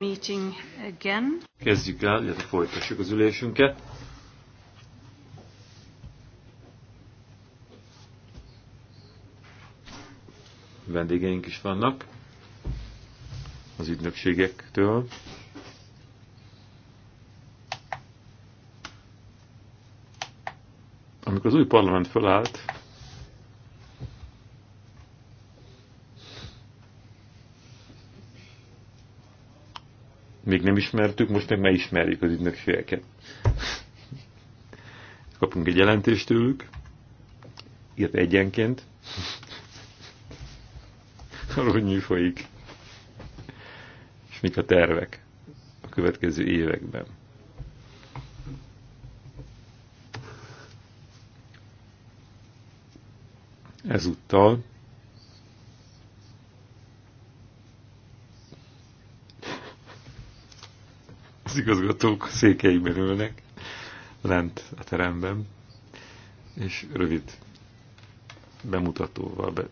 meeting again. Kezdjük el, illetve folytassuk az ülésünket. Vendégeink is vannak az ügynökségektől. Amikor az új parlament felállt, még nem ismertük, most meg megismerjük az ügynökségeket. Kapunk egy jelentést tőlük, írt egyenként, hogy mi folyik, és mik a tervek a következő években. Ezúttal az igazgatók székeiben ülnek, lent a teremben, és rövid bemutatóval, be,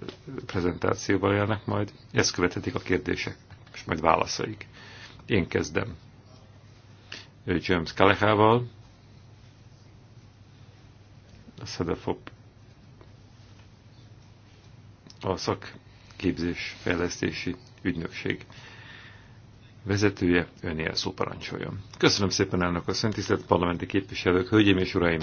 prezentációval jönnek majd, ezt követhetik a kérdések, és majd válaszaik. Én kezdem. Ő James Kalehával, a szedefop, a szakképzés fejlesztési ügynökség vezetője, önél szó parancsoljon. Köszönöm szépen elnök a Szentisztelt parlamenti képviselők, hölgyeim és uraim!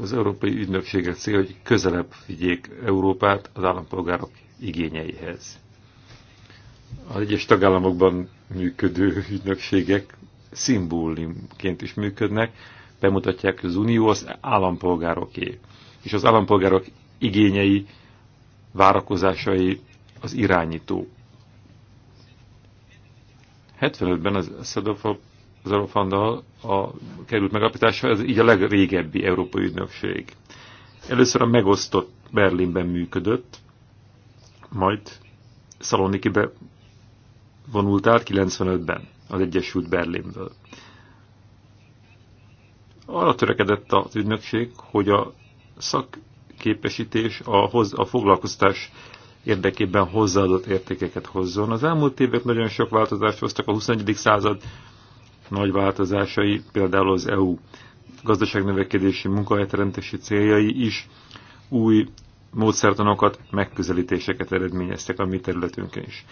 Az Európai Ügynöksége cél, hogy közelebb vigyék Európát az állampolgárok igényeihez. Az egyes tagállamokban működő ügynökségek szimbólumként is működnek, bemutatják az unió az állampolgároké, és az állampolgárok igényei, várakozásai az irányító 75-ben az Szadofandal a került megapítása, ez így a legrégebbi európai ügynökség. Először a megosztott Berlinben működött, majd Szalonikibe vonult át 95-ben az Egyesült Berlinből. Arra törekedett az ügynökség, hogy a szakképesítés a, hoz, a foglalkoztás érdekében hozzáadott értékeket hozzon. Az elmúlt évek nagyon sok változást hoztak a 21. század nagy változásai, például az EU gazdaságnövekedési munkahelyteremtési céljai is új módszertanokat, megközelítéseket eredményeztek a mi területünkön is.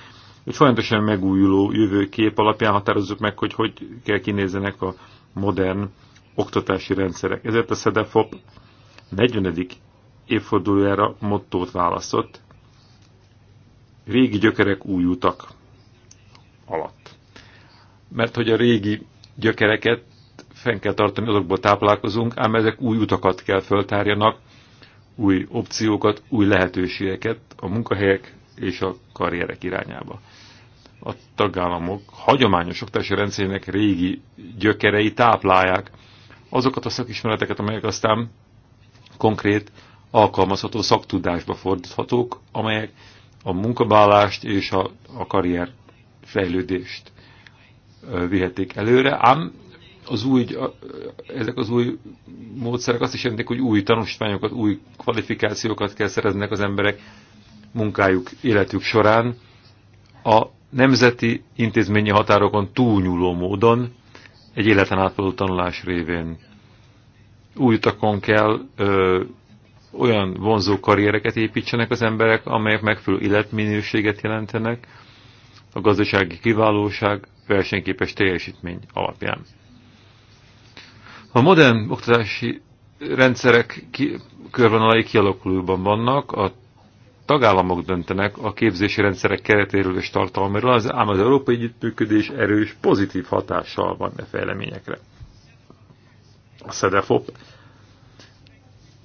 Egy folyamatosan megújuló jövőkép alapján határozzuk meg, hogy hogy kell kinézenek a modern oktatási rendszerek. Ezért a SZEDEFOP 40. évfordulójára mottót választott, régi gyökerek új utak alatt. Mert hogy a régi gyökereket fenn kell tartani, azokból táplálkozunk, ám ezek új utakat kell föltárjanak, új opciókat, új lehetőségeket a munkahelyek és a karrierek irányába. A tagállamok hagyományos oktatási rendszerének régi gyökerei táplálják azokat a szakismereteket, amelyek aztán konkrét alkalmazható szaktudásba fordíthatók, amelyek a munkabálást és a, a karrier fejlődést vihetik előre, ám az új, ezek az új módszerek azt is jelentik, hogy új tanulmányokat, új kvalifikációkat kell szereznek az emberek munkájuk, életük során a nemzeti intézményi határokon túlnyúló módon egy életen átvaló tanulás révén új utakon kell ö, olyan vonzó karriereket építsenek az emberek, amelyek megfelelő életminőséget jelentenek a gazdasági kiválóság versenyképes teljesítmény alapján. A modern oktatási rendszerek ki, körvonalai kialakulóban vannak, a tagállamok döntenek a képzési rendszerek keretéről és tartalmáról, az, ám az európai együttműködés erős, pozitív hatással van e fejleményekre. A SZEDEFOP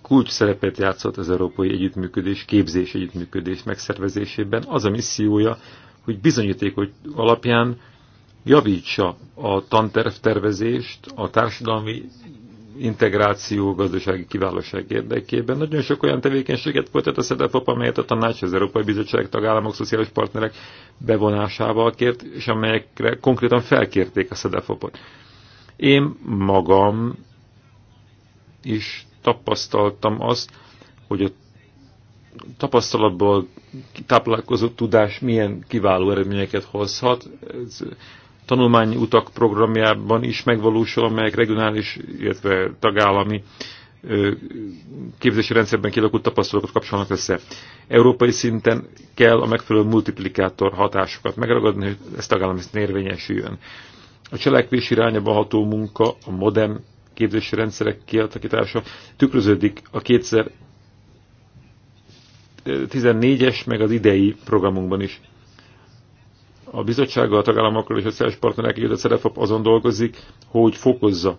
kulcs szerepet játszott az európai együttműködés, képzés együttműködés megszervezésében. Az a missziója, hogy hogy alapján javítsa a tantervtervezést, a társadalmi integráció, gazdasági kiválóság érdekében. Nagyon sok olyan tevékenységet folytat a SZEDEFOP, amelyet a tanács, az Európai Bizottság, tagállamok, szociális partnerek bevonásával kért, és amelyekre konkrétan felkérték a SZEDEFOP-ot. Én magam is tapasztaltam azt, hogy a tapasztalatból táplálkozott tudás milyen kiváló eredményeket hozhat. Ez utak programjában is megvalósul, amelyek regionális, illetve tagállami képzési rendszerben kialakult tapasztalatokat kapcsolnak össze. Európai szinten kell a megfelelő multiplikátor hatásokat megragadni, hogy ez tagállami szinten érvényesüljön. A cselekvés irányába ható munka, a modern képzési rendszerek kialakítása tükröződik a 2014-es, meg az idei programunkban is. A bizottsággal, a tagállamokkal és a szociális partnerek együtt a CEREFOP azon dolgozik, hogy fokozza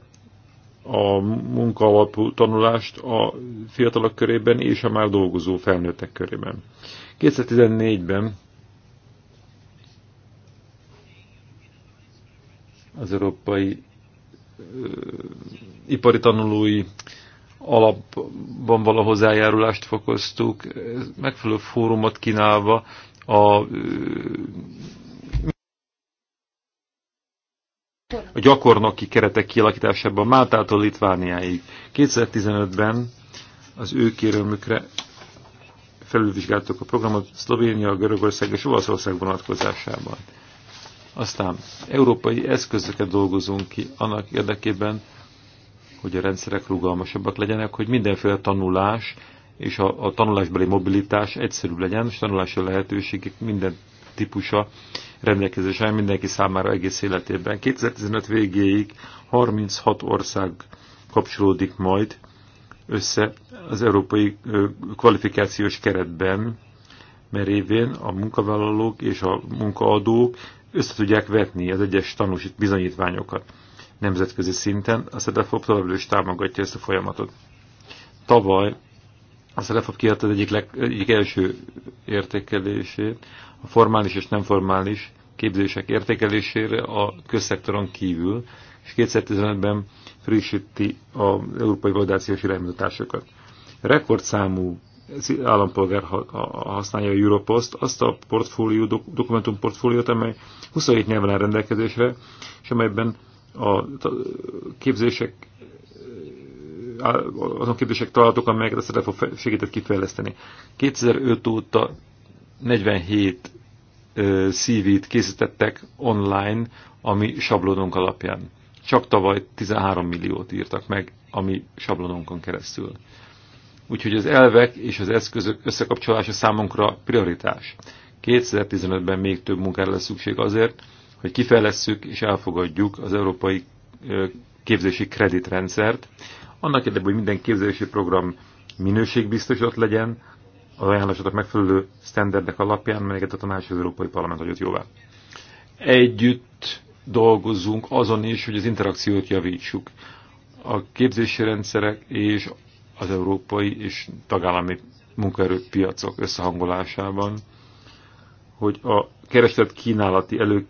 a munkaalapú tanulást a fiatalok körében és a már dolgozó felnőttek körében. 2014-ben az Európai ipari tanulói alapban való hozzájárulást fokoztuk, megfelelő fórumot kínálva a, a gyakornoki keretek kialakításában Máltától Litvániáig. 2015-ben az ő kérőmükre felülvizsgáltuk a programot Szlovénia, Görögország és Olaszország vonatkozásában. Aztán európai eszközöket dolgozunk ki annak érdekében, hogy a rendszerek rugalmasabbak legyenek, hogy mindenféle tanulás és a, a tanulásbeli mobilitás egyszerűbb legyen, és tanulási lehetőségek minden típusa rendelkezésre mindenki számára egész életében. 2015 végéig 36 ország kapcsolódik majd össze az európai kvalifikációs keretben, mert évén a munkavállalók és a munkaadók össze tudják vetni az egyes tanúsít bizonyítványokat nemzetközi szinten. A SEDEFOP továbbra is támogatja ezt a folyamatot. Tavaly a SEDEFOP kiadta az egyik, leg, egyik első értékelését, a formális és nem formális képzések értékelésére a közszektoron kívül, és 2015-ben frissíti az európai validációs iránymutatásokat. Rekordszámú állampolgár használja a Europost, azt a portfólió, dokumentum portfóliót, amely 27 nyelven áll rendelkezésre, és amelyben a képzések azon képzések találhatók, amelyeket a Szerefo segített kifejleszteni. 2005 óta 47 CV-t készítettek online, ami sablonunk alapján. Csak tavaly 13 milliót írtak meg, ami sablonunkon keresztül. Úgyhogy az elvek és az eszközök összekapcsolása számunkra prioritás. 2015-ben még több munkára lesz szükség azért, hogy kifejlesszük és elfogadjuk az európai képzési kreditrendszert, annak érdekében, hogy minden képzési program minőségbiztosat legyen, az ajánlásoknak megfelelő sztenderdek alapján, melyeket a Tanács az Európai Parlament hagyott jóvá. Együtt dolgozzunk azon is, hogy az interakciót javítsuk. A képzési rendszerek és az európai és tagállami munkaerőpiacok összehangolásában, hogy a kereslet kínálati elő,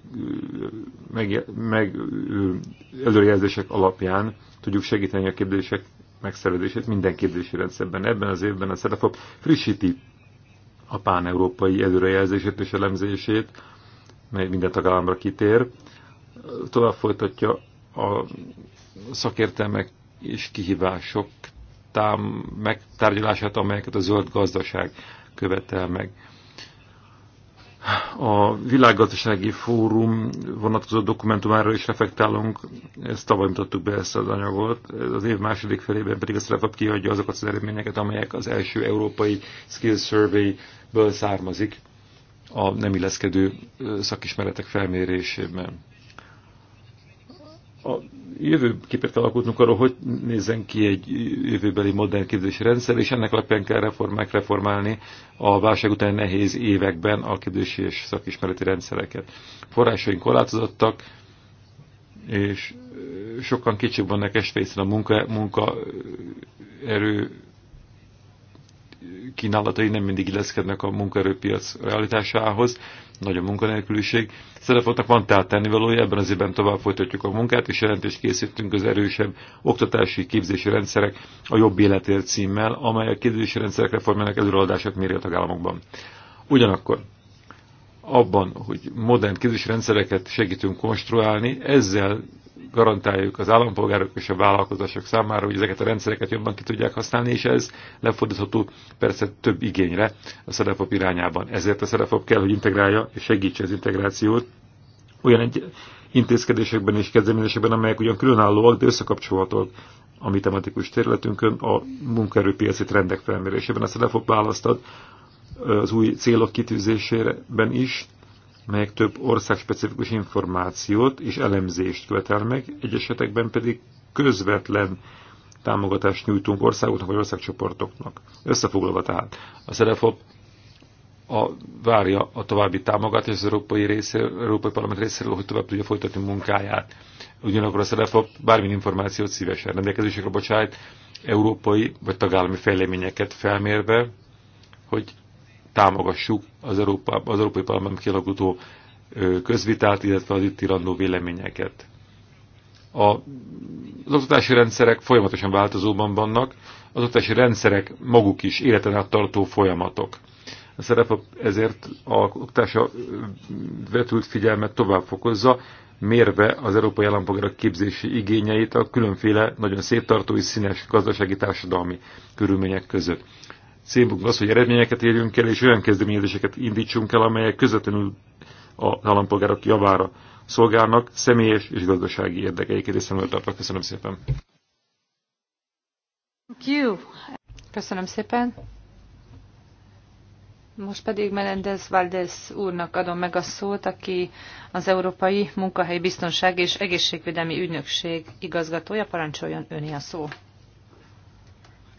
meg, meg, előrejelzések alapján tudjuk segíteni a kérdések megszervezését minden kérdési rendszerben. Ebben az évben a Szerefop frissíti a pán-európai előrejelzését és elemzését, mely minden tagállamra kitér. Tovább folytatja a szakértelmek és kihívások tám, megtárgyalását, amelyeket a zöld gazdaság követel meg. A világgazdasági fórum vonatkozó dokumentumára is reflektálunk, ezt tavaly mutattuk be ezt az anyagot, az év második felében pedig a Szerefap kiadja azokat az eredményeket, amelyek az első európai Skill Survey-ből származik a nem illeszkedő szakismeretek felmérésében a jövőképet kell alkotnunk arról, hogy nézzen ki egy jövőbeli modern képzési rendszer, és ennek alapján kell reformák reformálni a válság után nehéz években a képzési és szakismereti rendszereket. Forrásaink korlátozottak, és sokan kicsit vannak esvészre a munka, munka erő kínálatai nem mindig illeszkednek a munkaerőpiac realitásához, nagy a munkanélküliség. Szerefotnak van tehát tennivalója, ebben az évben tovább folytatjuk a munkát, és jelentést készítünk az erősebb oktatási képzési rendszerek a jobb életért címmel, amely a képzési rendszerek reformjának előadását méri a tagállamokban. Ugyanakkor abban, hogy modern képzési rendszereket segítünk konstruálni, ezzel garantáljuk az állampolgárok és a vállalkozások számára, hogy ezeket a rendszereket jobban ki tudják használni, és ez lefordítható persze több igényre a szerepop irányában. Ezért a szerepop kell, hogy integrálja és segítse az integrációt olyan egy intézkedésekben és kezdeményezésekben, amelyek ugyan különállóak, de összekapcsolhatók a mi tematikus területünkön a munkaerőpiaci trendek felmérésében. A szerepop választad az új célok kitűzésében is, melyek több országspecifikus információt és elemzést követel meg, egy esetekben pedig közvetlen támogatást nyújtunk országoknak vagy országcsoportoknak. Összefoglalva tehát, a Szerefop a, várja a további támogatást az európai, része, európai parlament részéről, hogy tovább tudja folytatni munkáját. Ugyanakkor a Szerefop bármilyen információt szívesen rendelkezésre bocsájt, európai vagy tagállami fejleményeket felmérve, hogy támogassuk az, Európa, az Európai Parlament kialakuló közvitát, illetve az itt irandó véleményeket. A, az oktatási rendszerek folyamatosan változóban vannak, az oktatási rendszerek maguk is életen át tartó folyamatok. A szerep ezért a oktatása vetült figyelmet tovább fokozza, mérve az európai állampolgárok képzési igényeit a különféle, nagyon széttartó és színes gazdasági társadalmi körülmények között. Célunk az, hogy eredményeket érjünk el, és olyan kezdeményezéseket indítsunk el, amelyek közvetlenül a állampolgárok javára szolgálnak, személyes és gazdasági érdekeiket is szemlőt tartva. Köszönöm szépen. Köszönöm szépen. Most pedig Melendez Valdez úrnak adom meg a szót, aki az Európai Munkahely Biztonság és Egészségvédelmi Ügynökség igazgatója. Parancsoljon öné a szó.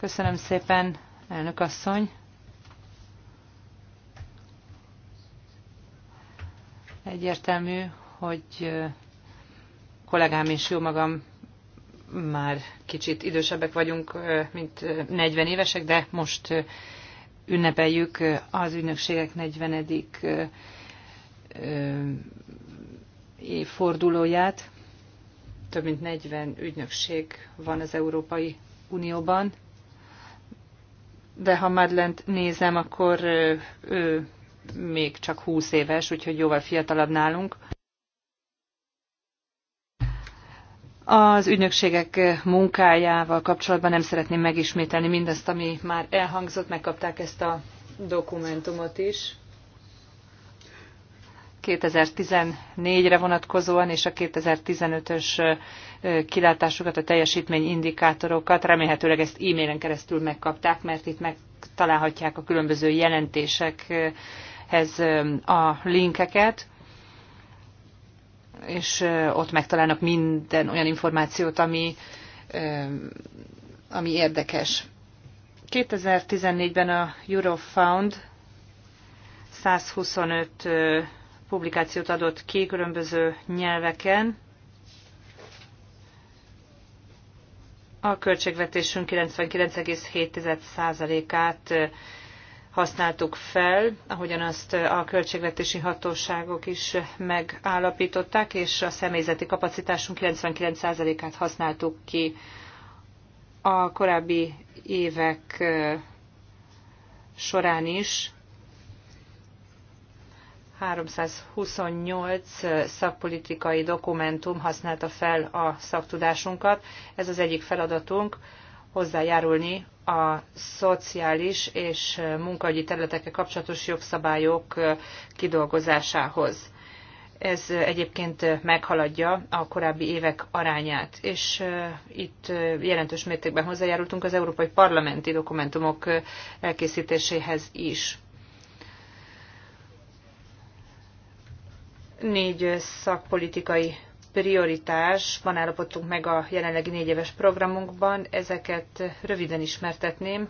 Köszönöm szépen, elnök asszony. Egyértelmű, hogy kollégám és jó magam már kicsit idősebbek vagyunk, mint 40 évesek, de most ünnepeljük az ügynökségek 40. évfordulóját. Több mint 40 ügynökség van az Európai Unióban, de ha Madlent nézem, akkor ő, ő még csak 20 éves, úgyhogy jóval fiatalabb nálunk. Az ügynökségek munkájával kapcsolatban nem szeretném megismételni mindazt, ami már elhangzott, megkapták ezt a dokumentumot is. 2014-re vonatkozóan és a 2015-ös kilátásukat, a teljesítményindikátorokat. Remélhetőleg ezt e-mailen keresztül megkapták, mert itt megtalálhatják a különböző jelentésekhez a linkeket és ott megtalálnak minden olyan információt, ami, ami érdekes. 2014-ben a Eurofound 125 publikációt adott ki különböző nyelveken. A költségvetésünk 99,7%-át használtuk fel, ahogyan azt a költségvetési hatóságok is megállapították, és a személyzeti kapacitásunk 99%-át használtuk ki a korábbi évek során is 328 szakpolitikai dokumentum használta fel a szaktudásunkat. Ez az egyik feladatunk, hozzájárulni a szociális és munkahogyi területekkel kapcsolatos jogszabályok kidolgozásához. Ez egyébként meghaladja a korábbi évek arányát, és itt jelentős mértékben hozzájárultunk az európai parlamenti dokumentumok elkészítéséhez is. négy szakpolitikai prioritás van állapodtunk meg a jelenlegi négy éves programunkban. Ezeket röviden ismertetném.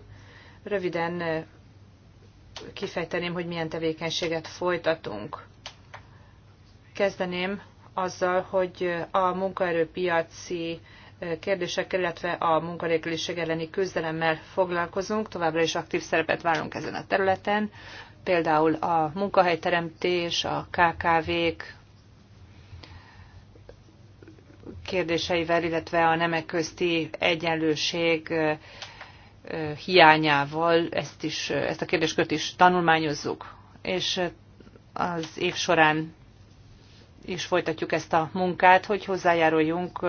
Röviden eh, kifejteném, hogy milyen tevékenységet folytatunk. Kezdeném azzal, hogy a munkaerőpiaci eh, kérdésekkel, illetve a munkanélküliség elleni küzdelemmel foglalkozunk, továbbra is aktív szerepet válunk ezen a területen például a munkahelyteremtés, a KKV-k kérdéseivel, illetve a nemek közti egyenlőség hiányával ezt, is, ezt a kérdéskört is tanulmányozzuk, és az év során is folytatjuk ezt a munkát, hogy hozzájáruljunk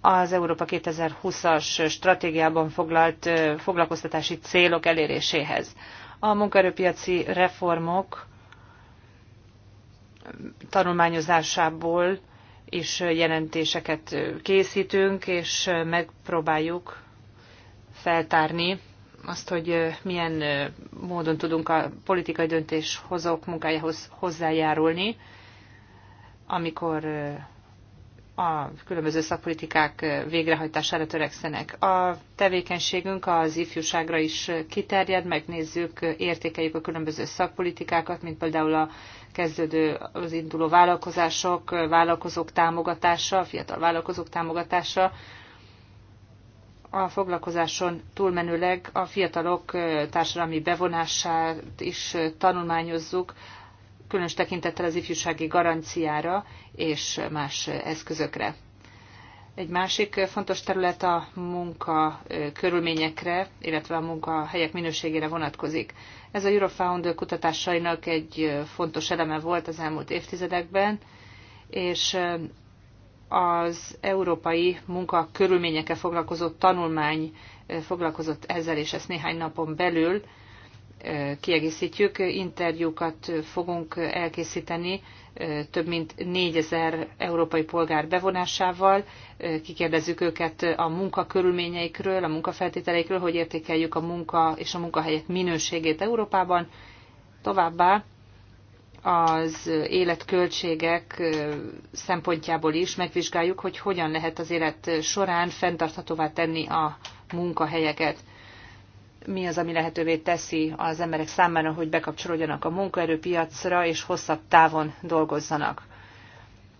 az Európa 2020-as stratégiában foglalt foglalkoztatási célok eléréséhez a munkaerőpiaci reformok tanulmányozásából is jelentéseket készítünk, és megpróbáljuk feltárni azt, hogy milyen módon tudunk a politikai döntéshozók munkájához hozzájárulni, amikor a különböző szakpolitikák végrehajtására törekszenek. A tevékenységünk az ifjúságra is kiterjed, megnézzük, értékeljük a különböző szakpolitikákat, mint például a kezdődő, az induló vállalkozások, vállalkozók támogatása, fiatal vállalkozók támogatása, a foglalkozáson túlmenőleg a fiatalok társadalmi bevonását is tanulmányozzuk, különös tekintettel az ifjúsági garanciára és más eszközökre. Egy másik fontos terület a munka körülményekre, illetve a munkahelyek minőségére vonatkozik. Ez a Eurofound kutatásainak egy fontos eleme volt az elmúlt évtizedekben, és az európai munka körülményekkel foglalkozó tanulmány foglalkozott ezzel, és ezt néhány napon belül kiegészítjük. Interjúkat fogunk elkészíteni több mint 4000 európai polgár bevonásával. Kikérdezzük őket a munkakörülményeikről, a munkafeltételeikről, hogy értékeljük a munka és a munkahelyek minőségét Európában. Továbbá az életköltségek szempontjából is megvizsgáljuk, hogy hogyan lehet az élet során fenntarthatóvá tenni a munkahelyeket mi az, ami lehetővé teszi az emberek számára, hogy bekapcsolódjanak a munkaerőpiacra és hosszabb távon dolgozzanak.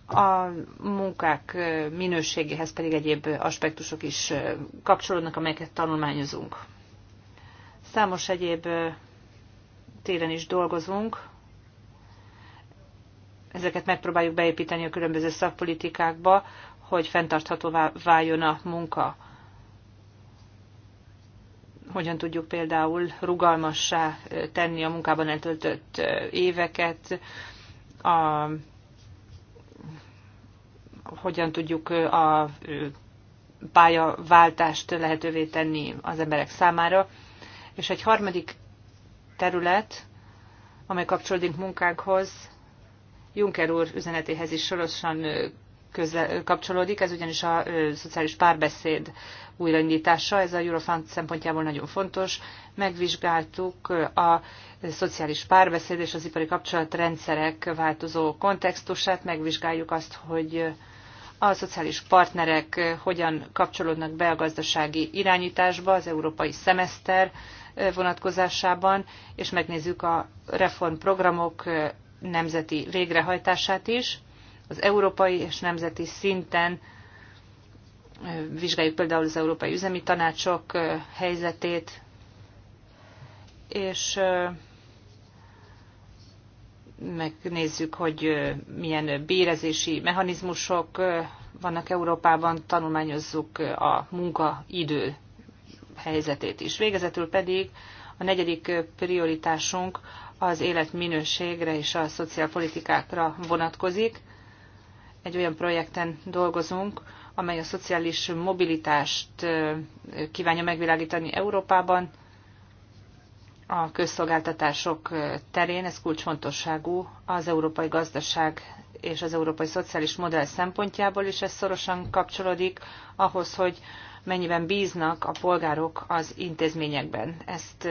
A munkák minőségéhez pedig egyéb aspektusok is kapcsolódnak, amelyeket tanulmányozunk. Számos egyéb téren is dolgozunk, ezeket megpróbáljuk beépíteni a különböző szakpolitikákba, hogy fenntarthatóvá váljon a munka hogyan tudjuk például rugalmassá tenni a munkában eltöltött éveket, a, hogyan tudjuk a pályaváltást lehetővé tenni az emberek számára. És egy harmadik terület, amely kapcsolódik munkánkhoz, Juncker úr üzenetéhez is sorosan közle, kapcsolódik, ez ugyanis a szociális párbeszéd újraindítása. Ez a Eurofund szempontjából nagyon fontos. Megvizsgáltuk a szociális párbeszéd és az ipari kapcsolatrendszerek változó kontextusát, megvizsgáljuk azt, hogy a szociális partnerek hogyan kapcsolódnak be a gazdasági irányításba, az európai szemeszter vonatkozásában, és megnézzük a reformprogramok nemzeti végrehajtását is, az európai és nemzeti szinten vizsgáljuk például az Európai Üzemi Tanácsok helyzetét, és megnézzük, hogy milyen bérezési mechanizmusok vannak Európában, tanulmányozzuk a munkaidő helyzetét is. Végezetül pedig a negyedik prioritásunk az életminőségre és a szociálpolitikákra vonatkozik. Egy olyan projekten dolgozunk, amely a szociális mobilitást kívánja megvilágítani Európában a közszolgáltatások terén. Ez kulcsfontosságú az európai gazdaság és az európai szociális modell szempontjából is ez szorosan kapcsolódik ahhoz, hogy mennyiben bíznak a polgárok az intézményekben. Ezt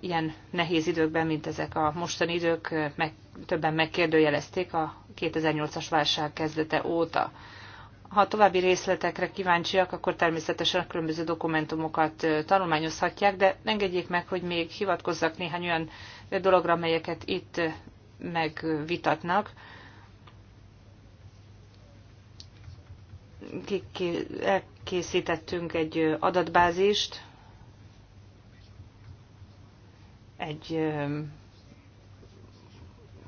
ilyen nehéz időkben, mint ezek a mostani idők, meg, többen megkérdőjelezték a 2008-as válság kezdete óta. Ha további részletekre kíváncsiak, akkor természetesen a különböző dokumentumokat tanulmányozhatják, de engedjék meg, hogy még hivatkozzak néhány olyan dologra, amelyeket itt megvitatnak. Elkészítettünk egy adatbázist, egy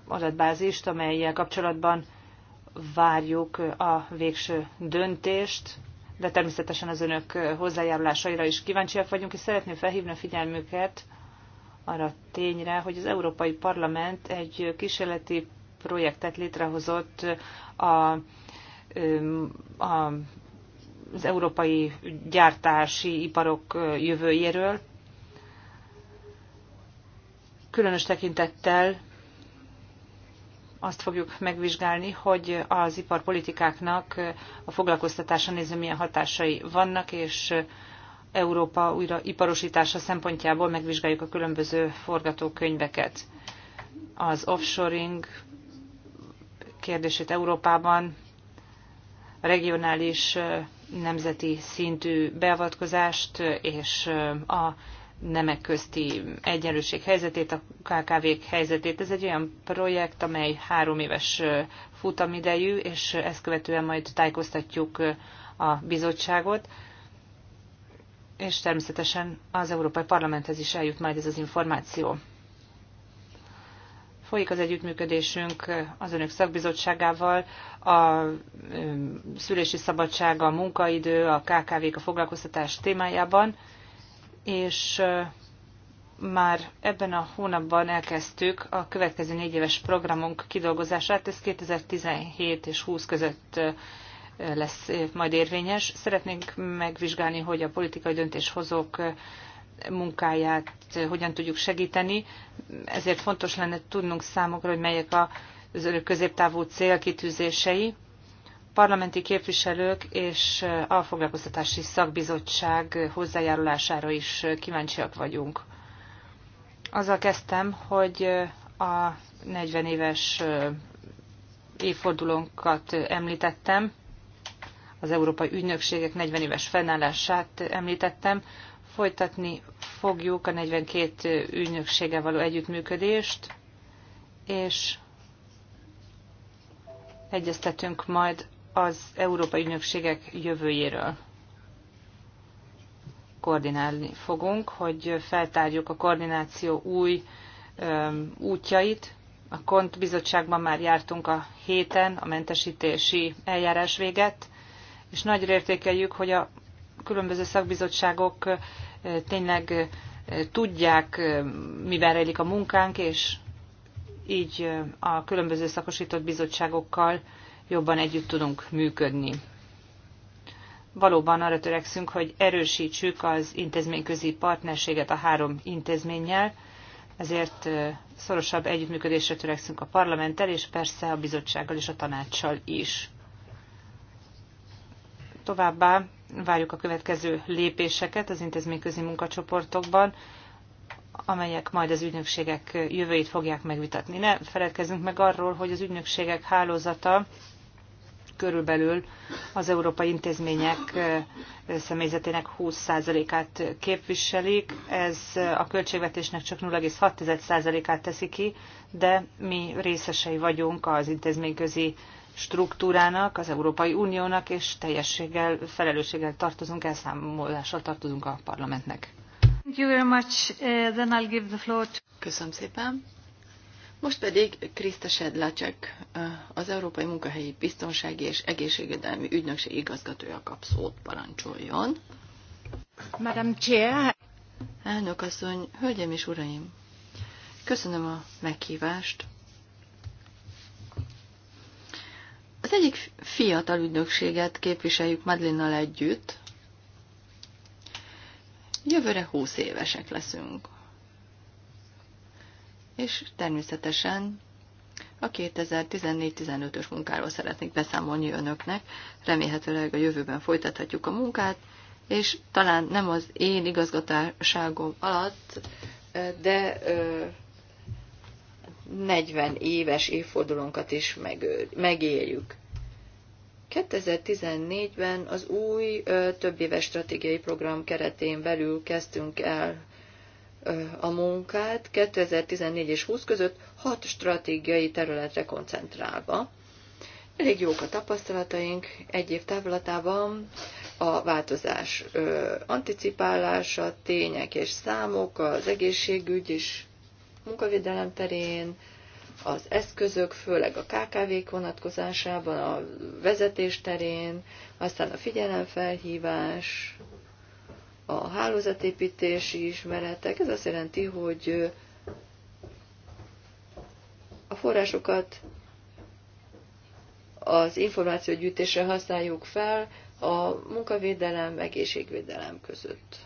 adatbázist, amelyel kapcsolatban várjuk a végső döntést, de természetesen az önök hozzájárulásaira is kíváncsiak vagyunk, és szeretném felhívni a figyelmüket arra a tényre, hogy az Európai Parlament egy kísérleti projektet létrehozott a, a az európai gyártási iparok jövőjéről, különös tekintettel azt fogjuk megvizsgálni, hogy az iparpolitikáknak a foglalkoztatásra nézve milyen hatásai vannak, és Európa újra iparosítása szempontjából megvizsgáljuk a különböző forgatókönyveket. Az offshoring kérdését Európában, a regionális nemzeti szintű beavatkozást és a nemek közti egyenlőség helyzetét, a KKV-k helyzetét. Ez egy olyan projekt, amely három éves futamidejű, és ezt követően majd tájékoztatjuk a bizottságot, és természetesen az Európai Parlamenthez is eljut majd ez az információ. Folyik az együttműködésünk az önök szakbizottságával, a szülési szabadság, a munkaidő, a KKV-k, a foglalkoztatás témájában és már ebben a hónapban elkezdtük a következő négy éves programunk kidolgozását, ez 2017 és 20 között lesz majd érvényes. Szeretnénk megvizsgálni, hogy a politikai döntéshozók munkáját hogyan tudjuk segíteni, ezért fontos lenne tudnunk számokra, hogy melyek az önök középtávú célkitűzései, parlamenti képviselők és eh, a foglalkoztatási szakbizottság hozzájárulására is eh, kíváncsiak vagyunk. Azzal kezdtem, hogy eh, a 40 éves évfordulónkat említettem, az Európai Ügynökségek 40 éves fennállását említettem, folytatni fogjuk a 42 ügynökséggel való együttműködést, és egyeztetünk majd az Európai Ügynökségek jövőjéről koordinálni fogunk, hogy feltárjuk a koordináció új útjait. A KONT bizottságban már jártunk a héten, a mentesítési eljárás véget, és nagyra értékeljük, hogy a különböző szakbizottságok tényleg tudják, miben rejlik a munkánk, és így a különböző szakosított bizottságokkal jobban együtt tudunk működni. Valóban arra törekszünk, hogy erősítsük az intézményközi partnerséget a három intézménnyel, ezért szorosabb együttműködésre törekszünk a parlamenttel, és persze a bizottsággal és a tanácssal is. Továbbá várjuk a következő lépéseket az intézményközi munkacsoportokban, amelyek majd az ügynökségek jövőjét fogják megvitatni. Ne feledkezzünk meg arról, hogy az ügynökségek hálózata körülbelül az európai intézmények személyzetének 20%-át képviselik. Ez a költségvetésnek csak 0,6%-át teszi ki, de mi részesei vagyunk az intézményközi struktúrának, az Európai Uniónak, és teljességgel, felelősséggel tartozunk, elszámolással tartozunk a parlamentnek. Köszönöm szépen. Most pedig Kriszta Sedlacek, az Európai Munkahelyi Biztonsági és Egészségedelmi Ügynökség igazgatója kap szót, parancsoljon. Madam Chair. Elnök asszony, hölgyeim és uraim, köszönöm a meghívást. Az egyik fiatal ügynökséget képviseljük Madlinnal együtt. Jövőre 20 évesek leszünk és természetesen a 2014-15-ös munkáról szeretnék beszámolni önöknek. Remélhetőleg a jövőben folytathatjuk a munkát, és talán nem az én igazgatáságom alatt, de 40 éves évfordulónkat is megéljük. 2014-ben az új több éves stratégiai program keretén belül kezdtünk el a munkát 2014 és 20 között hat stratégiai területre koncentrálva. Elég jók a tapasztalataink egy év távlatában, a változás ö, anticipálása, tények és számok, az egészségügy és munkavédelem terén, az eszközök, főleg a KKV-k vonatkozásában, a vezetés terén, aztán a figyelemfelhívás, a hálózatépítési ismeretek. Ez azt jelenti, hogy a forrásokat az információgyűjtésre használjuk fel a munkavédelem, egészségvédelem között.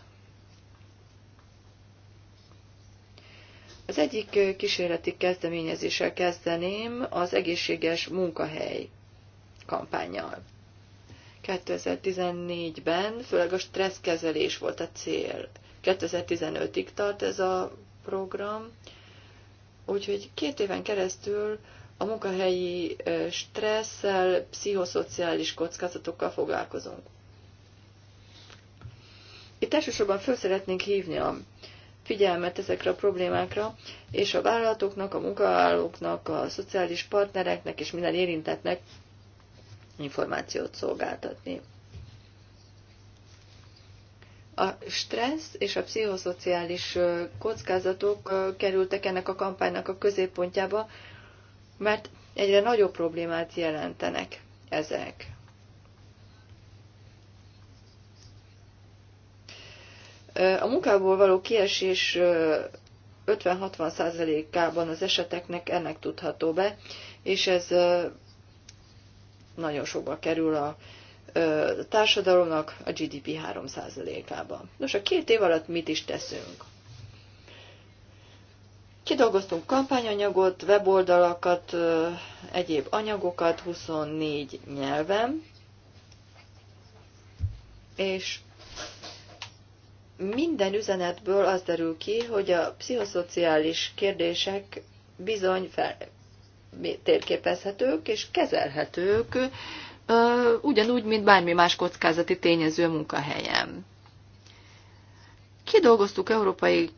Az egyik kísérleti kezdeményezéssel kezdeném az egészséges munkahely kampányjal. 2014-ben főleg a stresszkezelés volt a cél. 2015-ig tart ez a program, úgyhogy két éven keresztül a munkahelyi stresszel, pszichoszociális kockázatokkal foglalkozunk. Itt elsősorban föl szeretnénk hívni a figyelmet ezekre a problémákra, és a vállalatoknak, a munkavállalóknak, a szociális partnereknek és minden érintetnek információt szolgáltatni. A stressz és a pszichoszociális kockázatok kerültek ennek a kampánynak a középpontjába, mert egyre nagyobb problémát jelentenek ezek. A munkából való kiesés 50 60 százalékában az eseteknek ennek tudható be, és ez nagyon sokba kerül a társadalomnak a GDP 3%-ában. Nos, a két év alatt mit is teszünk? Kidolgoztunk kampányanyagot, weboldalakat, egyéb anyagokat 24 nyelven, és minden üzenetből az derül ki, hogy a pszichoszociális kérdések bizony fel, térképezhetők és kezelhetők, ugyanúgy, mint bármi más kockázati tényező a munkahelyen. Kidolgoztuk európai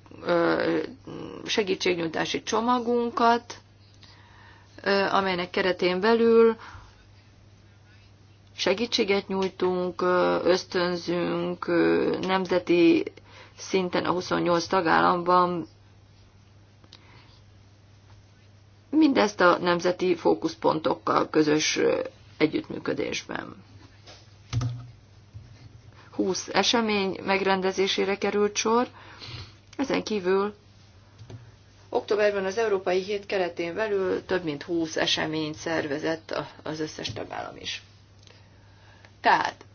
segítségnyújtási csomagunkat, amelynek keretén belül segítséget nyújtunk, ösztönzünk nemzeti szinten a 28 tagállamban mindezt a nemzeti fókuszpontokkal közös együttműködésben. 20 esemény megrendezésére került sor, ezen kívül októberben az Európai Hét keretén belül több mint 20 eseményt szervezett az összes tagállam is. Tehát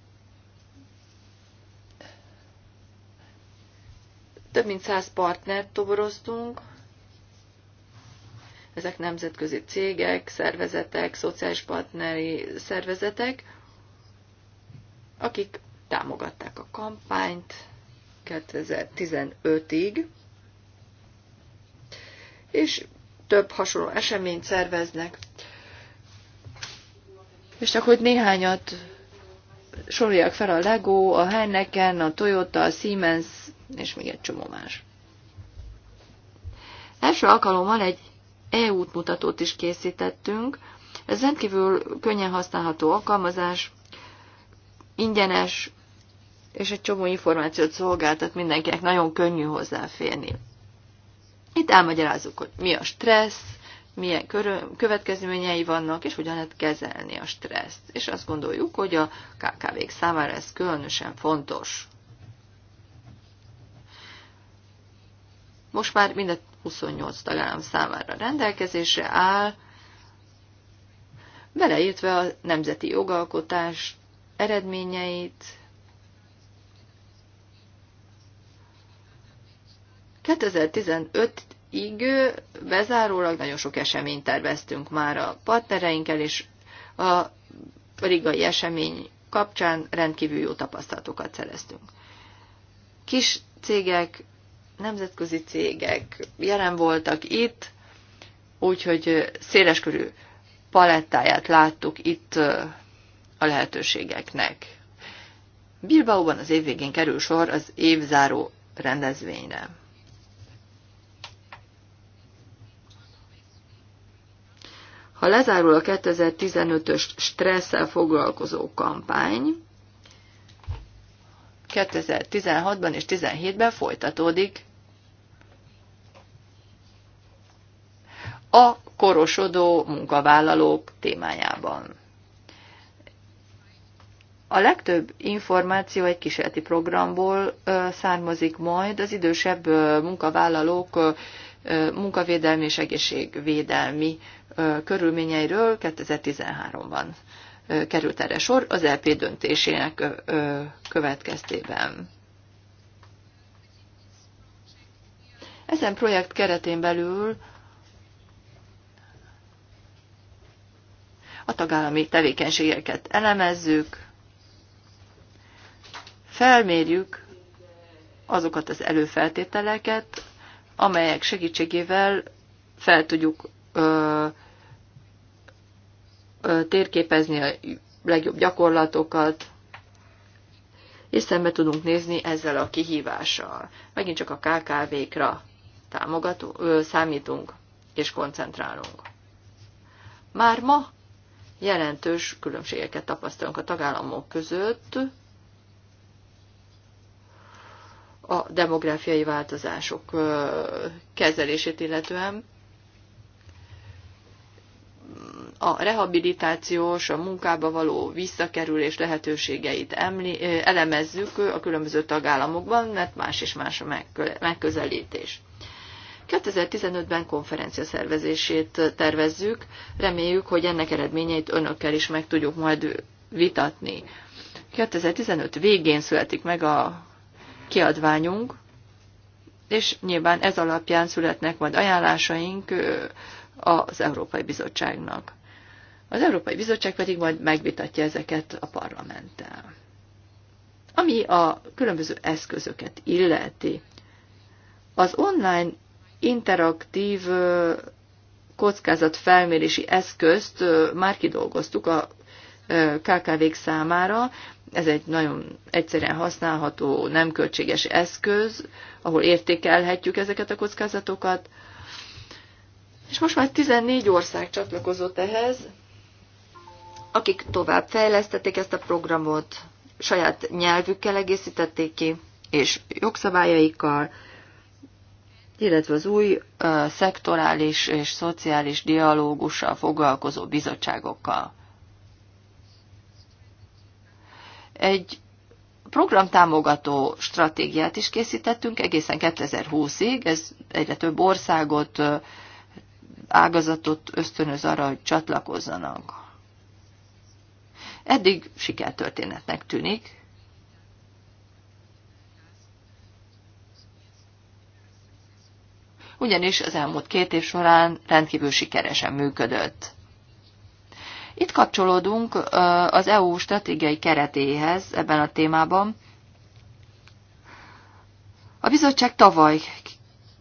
több mint 100 partnert toboroztunk, ezek nemzetközi cégek, szervezetek, szociális partneri szervezetek, akik támogatták a kampányt 2015-ig, és több hasonló eseményt szerveznek. És csak hogy néhányat soroljak fel a Lego, a Heineken, a Toyota, a Siemens, és még egy csomó más. Első alkalommal egy e-útmutatót is készítettünk. Ez rendkívül könnyen használható alkalmazás, ingyenes, és egy csomó információt szolgáltat mindenkinek, nagyon könnyű hozzáférni. Itt elmagyarázzuk, hogy mi a stressz, milyen következményei vannak, és hogyan lehet kezelni a stresszt. És azt gondoljuk, hogy a KKV-k számára ez különösen fontos. Most már mind a 28 tagállam számára rendelkezésre áll, beleértve a nemzeti jogalkotás eredményeit. 2015-ig bezárólag nagyon sok eseményt terveztünk már a partnereinkkel, és a rigai esemény kapcsán rendkívül jó tapasztalatokat szereztünk. Kis cégek nemzetközi cégek jelen voltak itt, úgyhogy széleskörű palettáját láttuk itt a lehetőségeknek. Bilbaóban az év végén kerül sor az évzáró rendezvényre. Ha lezárul a 2015-ös stresszel foglalkozó kampány, 2016-ban és 2017-ben folytatódik a korosodó munkavállalók témájában. A legtöbb információ egy kísérleti programból származik majd az idősebb munkavállalók munkavédelmi és egészségvédelmi körülményeiről 2013-ban került erre sor az LP e döntésének következtében. Ezen projekt keretén belül a tagállami tevékenységeket elemezzük, felmérjük azokat az előfeltételeket, amelyek segítségével fel tudjuk ö, térképezni a legjobb gyakorlatokat, és szembe tudunk nézni ezzel a kihívással. Megint csak a KKV-kra támogató, ö, számítunk és koncentrálunk. Már ma jelentős különbségeket tapasztalunk a tagállamok között a demográfiai változások kezelését illetően, a rehabilitációs, a munkába való visszakerülés lehetőségeit emli, elemezzük a különböző tagállamokban, mert más és más a megközelítés. 2015-ben konferencia szervezését tervezzük, reméljük, hogy ennek eredményeit önökkel is meg tudjuk majd vitatni. 2015 végén születik meg a kiadványunk, és nyilván ez alapján születnek majd ajánlásaink az Európai Bizottságnak. Az Európai Bizottság pedig majd megvitatja ezeket a parlamenttel. Ami a különböző eszközöket illeti, az online interaktív kockázatfelmérési eszközt már kidolgoztuk a KKV-k számára. Ez egy nagyon egyszerűen használható, nem költséges eszköz, ahol értékelhetjük ezeket a kockázatokat. És most már 14 ország csatlakozott ehhez, akik tovább fejlesztették ezt a programot, saját nyelvükkel egészítették ki, és jogszabályaikkal, illetve az új uh, szektorális és szociális dialógussal foglalkozó bizottságokkal. Egy programtámogató stratégiát is készítettünk egészen 2020-ig, ez egyre több országot, ágazatot ösztönöz arra, hogy csatlakozzanak Eddig sikertörténetnek tűnik, ugyanis az elmúlt két év során rendkívül sikeresen működött. Itt kapcsolódunk az EU stratégiai keretéhez ebben a témában. A bizottság tavaly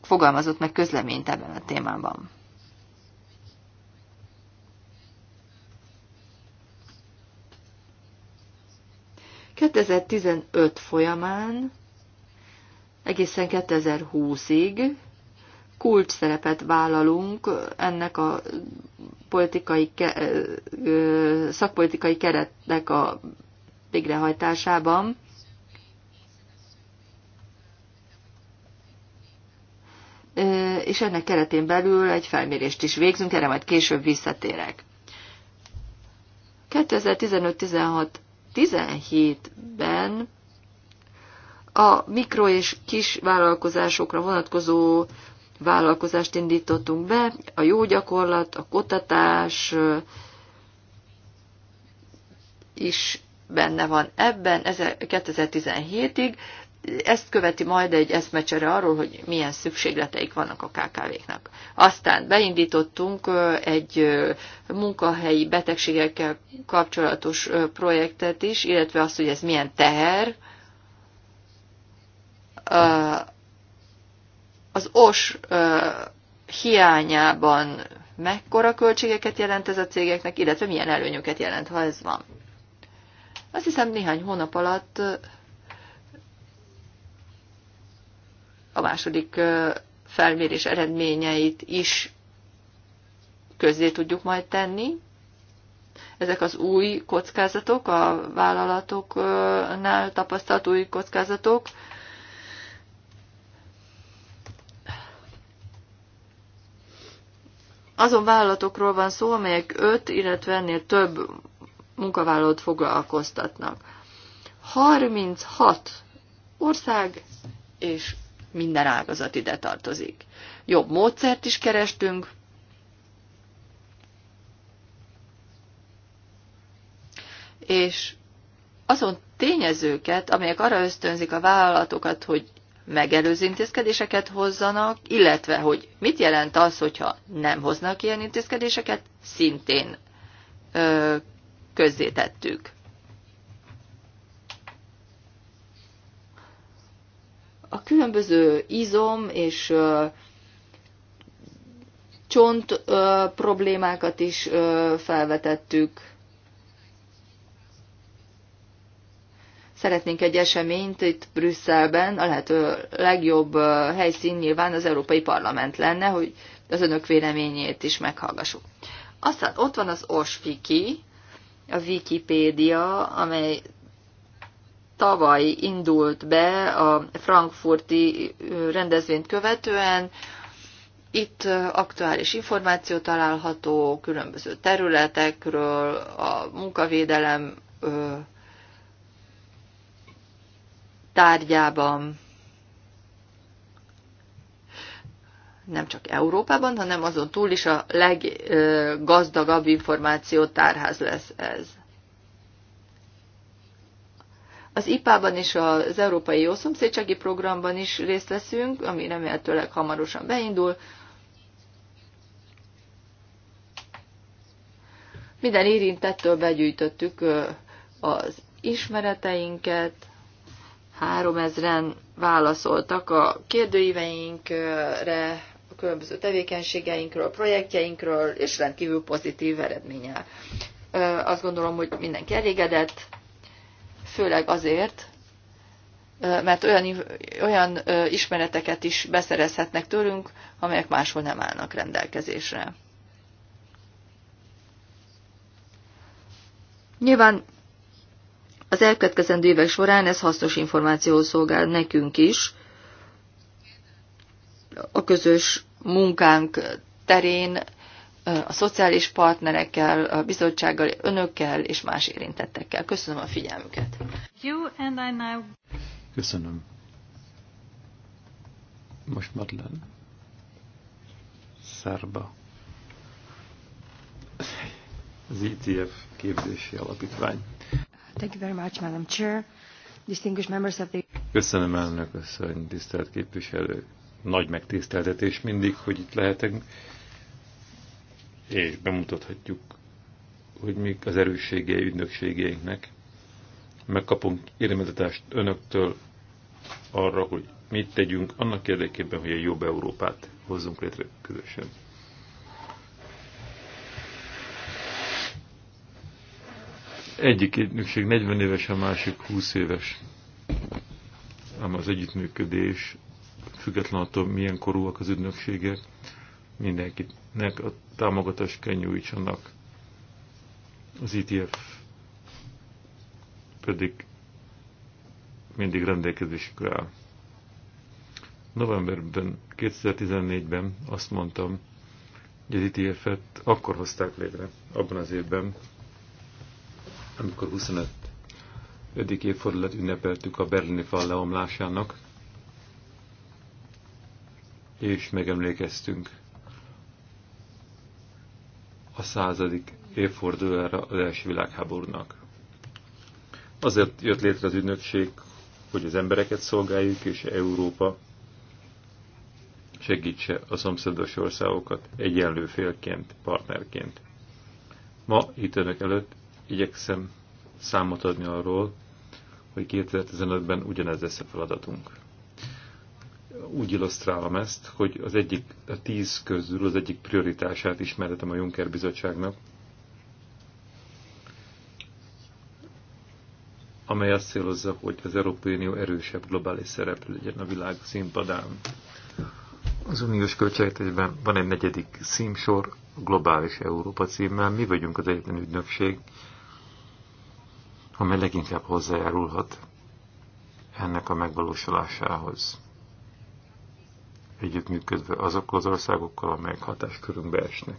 fogalmazott meg közleményt ebben a témában. 2015 folyamán egészen 2020-ig kulcs szerepet vállalunk ennek a politikai, szakpolitikai keretnek a végrehajtásában. És ennek keretén belül egy felmérést is végzünk, erre majd később visszatérek. 2015-16 2017-ben a mikro és kis vállalkozásokra vonatkozó vállalkozást indítottunk be, a jó gyakorlat, a kutatás is benne van ebben 2017-ig, ezt követi majd egy eszmecsere arról, hogy milyen szükségleteik vannak a KKV-knak. Aztán beindítottunk egy munkahelyi betegségekkel kapcsolatos projektet is, illetve azt, hogy ez milyen teher. Az OS hiányában mekkora költségeket jelent ez a cégeknek, illetve milyen előnyöket jelent, ha ez van. Azt hiszem néhány hónap alatt a második felmérés eredményeit is közzé tudjuk majd tenni. Ezek az új kockázatok, a vállalatoknál tapasztalt új kockázatok, azon vállalatokról van szó, amelyek 5, illetve ennél több munkavállalót foglalkoztatnak. 36 ország és minden ágazat ide tartozik. Jobb módszert is kerestünk, és azon tényezőket, amelyek arra ösztönzik a vállalatokat, hogy megelőző intézkedéseket hozzanak, illetve hogy mit jelent az, hogyha nem hoznak ilyen intézkedéseket, szintén ö, közzétettük. a különböző izom és csont problémákat is felvetettük. Szeretnénk egy eseményt itt Brüsszelben, a lehető legjobb helyszín nyilván az Európai Parlament lenne, hogy az önök véleményét is meghallgassuk. Aztán ott van az OSFIKI, a Wikipédia, amely tavaly indult be a frankfurti rendezvényt követően. Itt aktuális információ található különböző területekről, a munkavédelem tárgyában, nem csak Európában, hanem azon túl is a leggazdagabb információ tárház lesz ez. Az IPA-ban és az Európai Jó Programban is részt veszünk, ami remélhetőleg hamarosan beindul. Minden érintettől begyűjtöttük az ismereteinket, 3000-en válaszoltak a kérdőíveinkre, a különböző tevékenységeinkről, a projektjeinkről, és rendkívül pozitív eredménnyel. Azt gondolom, hogy mindenki elégedett, főleg azért, mert olyan, olyan ismereteket is beszerezhetnek tőlünk, amelyek máshol nem állnak rendelkezésre. Nyilván az elkövetkezendő évek során ez hasznos információ szolgál nekünk is, a közös munkánk terén a szociális partnerekkel, a bizottsággal, önökkel és más érintettekkel. Köszönöm a figyelmüket. Köszönöm. Most Madlen. Szerba. Az ETF képzési alapítvány. Thank you very much, Madam Chair. Distinguished members of the... Köszönöm elnök köszönöm, tisztelt képviselő. Nagy megtiszteltetés mindig, hogy itt lehetek és bemutathatjuk, hogy mik az erősségei ügynökségeinknek. Megkapunk érdemezetást önöktől arra, hogy mit tegyünk annak érdekében, hogy egy jobb Európát hozzunk létre közösen. Egyik ügynökség 40 éves, a másik 20 éves. Ám az együttműködés független attól, milyen korúak az ügynökségek, mindenkinek a támogatást kell nyújtsanak. Az ETF pedig mindig rendelkezésükre áll. Novemberben, 2014-ben azt mondtam, hogy az ETF-et akkor hozták létre, abban az évben, amikor 25. évfordulat ünnepeltük a berlini fal leomlásának, és megemlékeztünk a századik évfordulára az első világháborúnak. Azért jött létre az ügynökség, hogy az embereket szolgáljuk, és Európa segítse a szomszédos országokat egyenlő félként, partnerként. Ma itt önök előtt igyekszem számot adni arról, hogy 2015-ben ugyanez lesz a feladatunk úgy illusztrálom ezt, hogy az egyik, a tíz közül az egyik prioritását ismerhetem a Juncker Bizottságnak, amely azt célozza, hogy az Európai Unió erősebb globális szereplő legyen a világ színpadán. Az uniós költségvetésben van egy negyedik címsor, Globális Európa címmel. Mi vagyunk az egyetlen ügynökség, amely leginkább hozzájárulhat ennek a megvalósulásához együttműködve azokkal az országokkal, amelyek hatáskörünkbe esnek.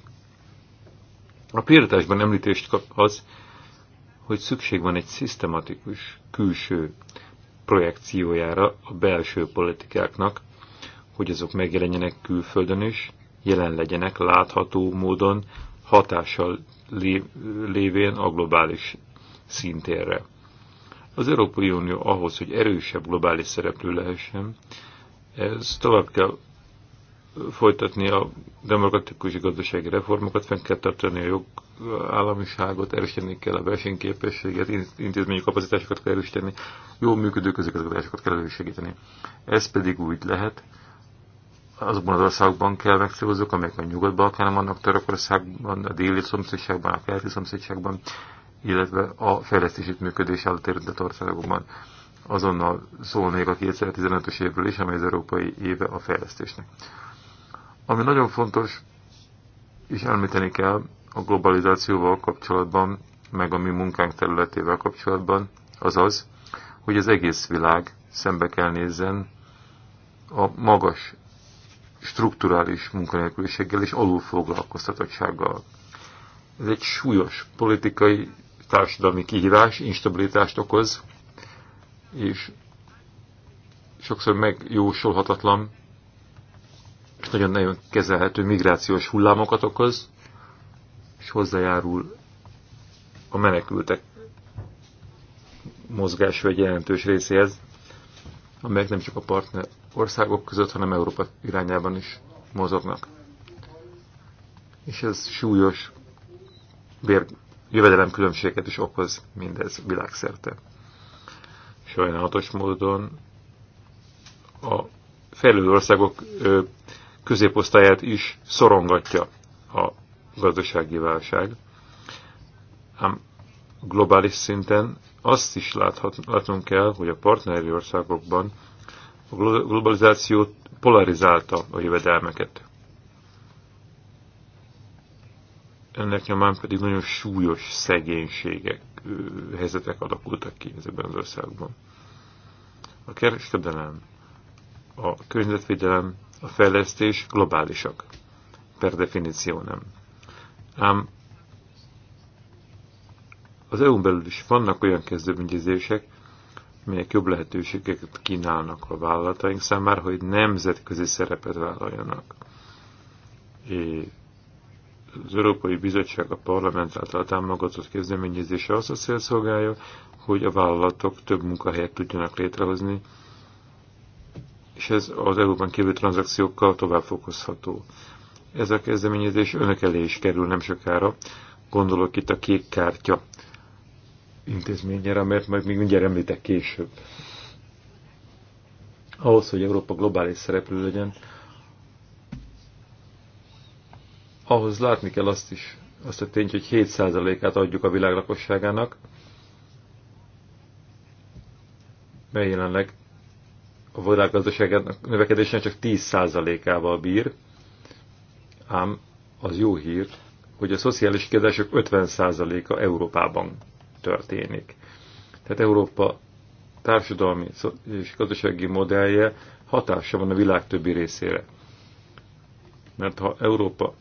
A prioritásban említést kap az, hogy szükség van egy szisztematikus külső projekciójára a belső politikáknak, hogy azok megjelenjenek külföldön is, jelen legyenek látható módon hatással lévén a globális szintérre. Az Európai Unió ahhoz, hogy erősebb globális szereplő lehessen, ez tovább kell folytatni a demokratikus gazdasági reformokat, fenn kell tartani a jogállamiságot, erősíteni kell a versenyképességet, intézményi kapacitásokat kell erősíteni, jó működő közigazgatásokat kell elősegíteni. Ez pedig úgy lehet, azokban az országokban kell megcélozzuk, amelyek a Nyugat-Balkánon vannak, Törökországban, a déli szomszédságban, a keleti szomszédságban, illetve a fejlesztési működés alatt érintett országokban. Azonnal szólnék a 2015-ös évről is, amely az európai éve a fejlesztésnek. Ami nagyon fontos, és említeni kell a globalizációval kapcsolatban, meg a mi munkánk területével kapcsolatban, az az, hogy az egész világ szembe kell nézzen a magas strukturális munkanélküliséggel és alulfoglalkoztatottsággal. Ez egy súlyos politikai, társadalmi kihívás, instabilitást okoz, és sokszor megjósolhatatlan nagyon-nagyon kezelhető migrációs hullámokat okoz, és hozzájárul a menekültek mozgása egy jelentős részéhez, amelyek nem csak a partner országok között, hanem Európa irányában is mozognak. És ez súlyos bér, jövedelemkülönbséget is okoz mindez világszerte. Sajnálatos módon a fejlődő országok középosztályát is szorongatja a gazdasági válság. Ám globális szinten azt is láthat, látnunk kell, hogy a partneri országokban a globalizáció polarizálta a jövedelmeket. Ennek nyomán pedig nagyon súlyos szegénységek, helyzetek alakultak ki ezekben az országban. A kereskedelem, a környezetvédelem a fejlesztés globálisak. Per definíció nem. Ám az EU-n belül is vannak olyan kezdeményezések, melyek jobb lehetőségeket kínálnak a vállalataink számára, hogy nemzetközi szerepet vállaljanak. És az Európai Bizottság a parlament által támogatott kezdeményezése azt a cél szolgálja, hogy a vállalatok több munkahelyet tudjanak létrehozni, és ez az Európán kívül tranzakciókkal tovább fokozható. Ez a kezdeményezés önök elé is kerül nem sokára, gondolok itt a kék kártya intézményére, mert majd még mindjárt említek később. Ahhoz, hogy Európa globális szereplő legyen, ahhoz látni kell azt is, azt a tényt, hogy 7%-át adjuk a világ lakosságának, mely jelenleg a világgazdaságának növekedésének csak 10%-ával bír, ám az jó hír, hogy a szociális kiadások 50%-a Európában történik. Tehát Európa társadalmi és gazdasági modellje hatása van a világ többi részére. Mert ha Európa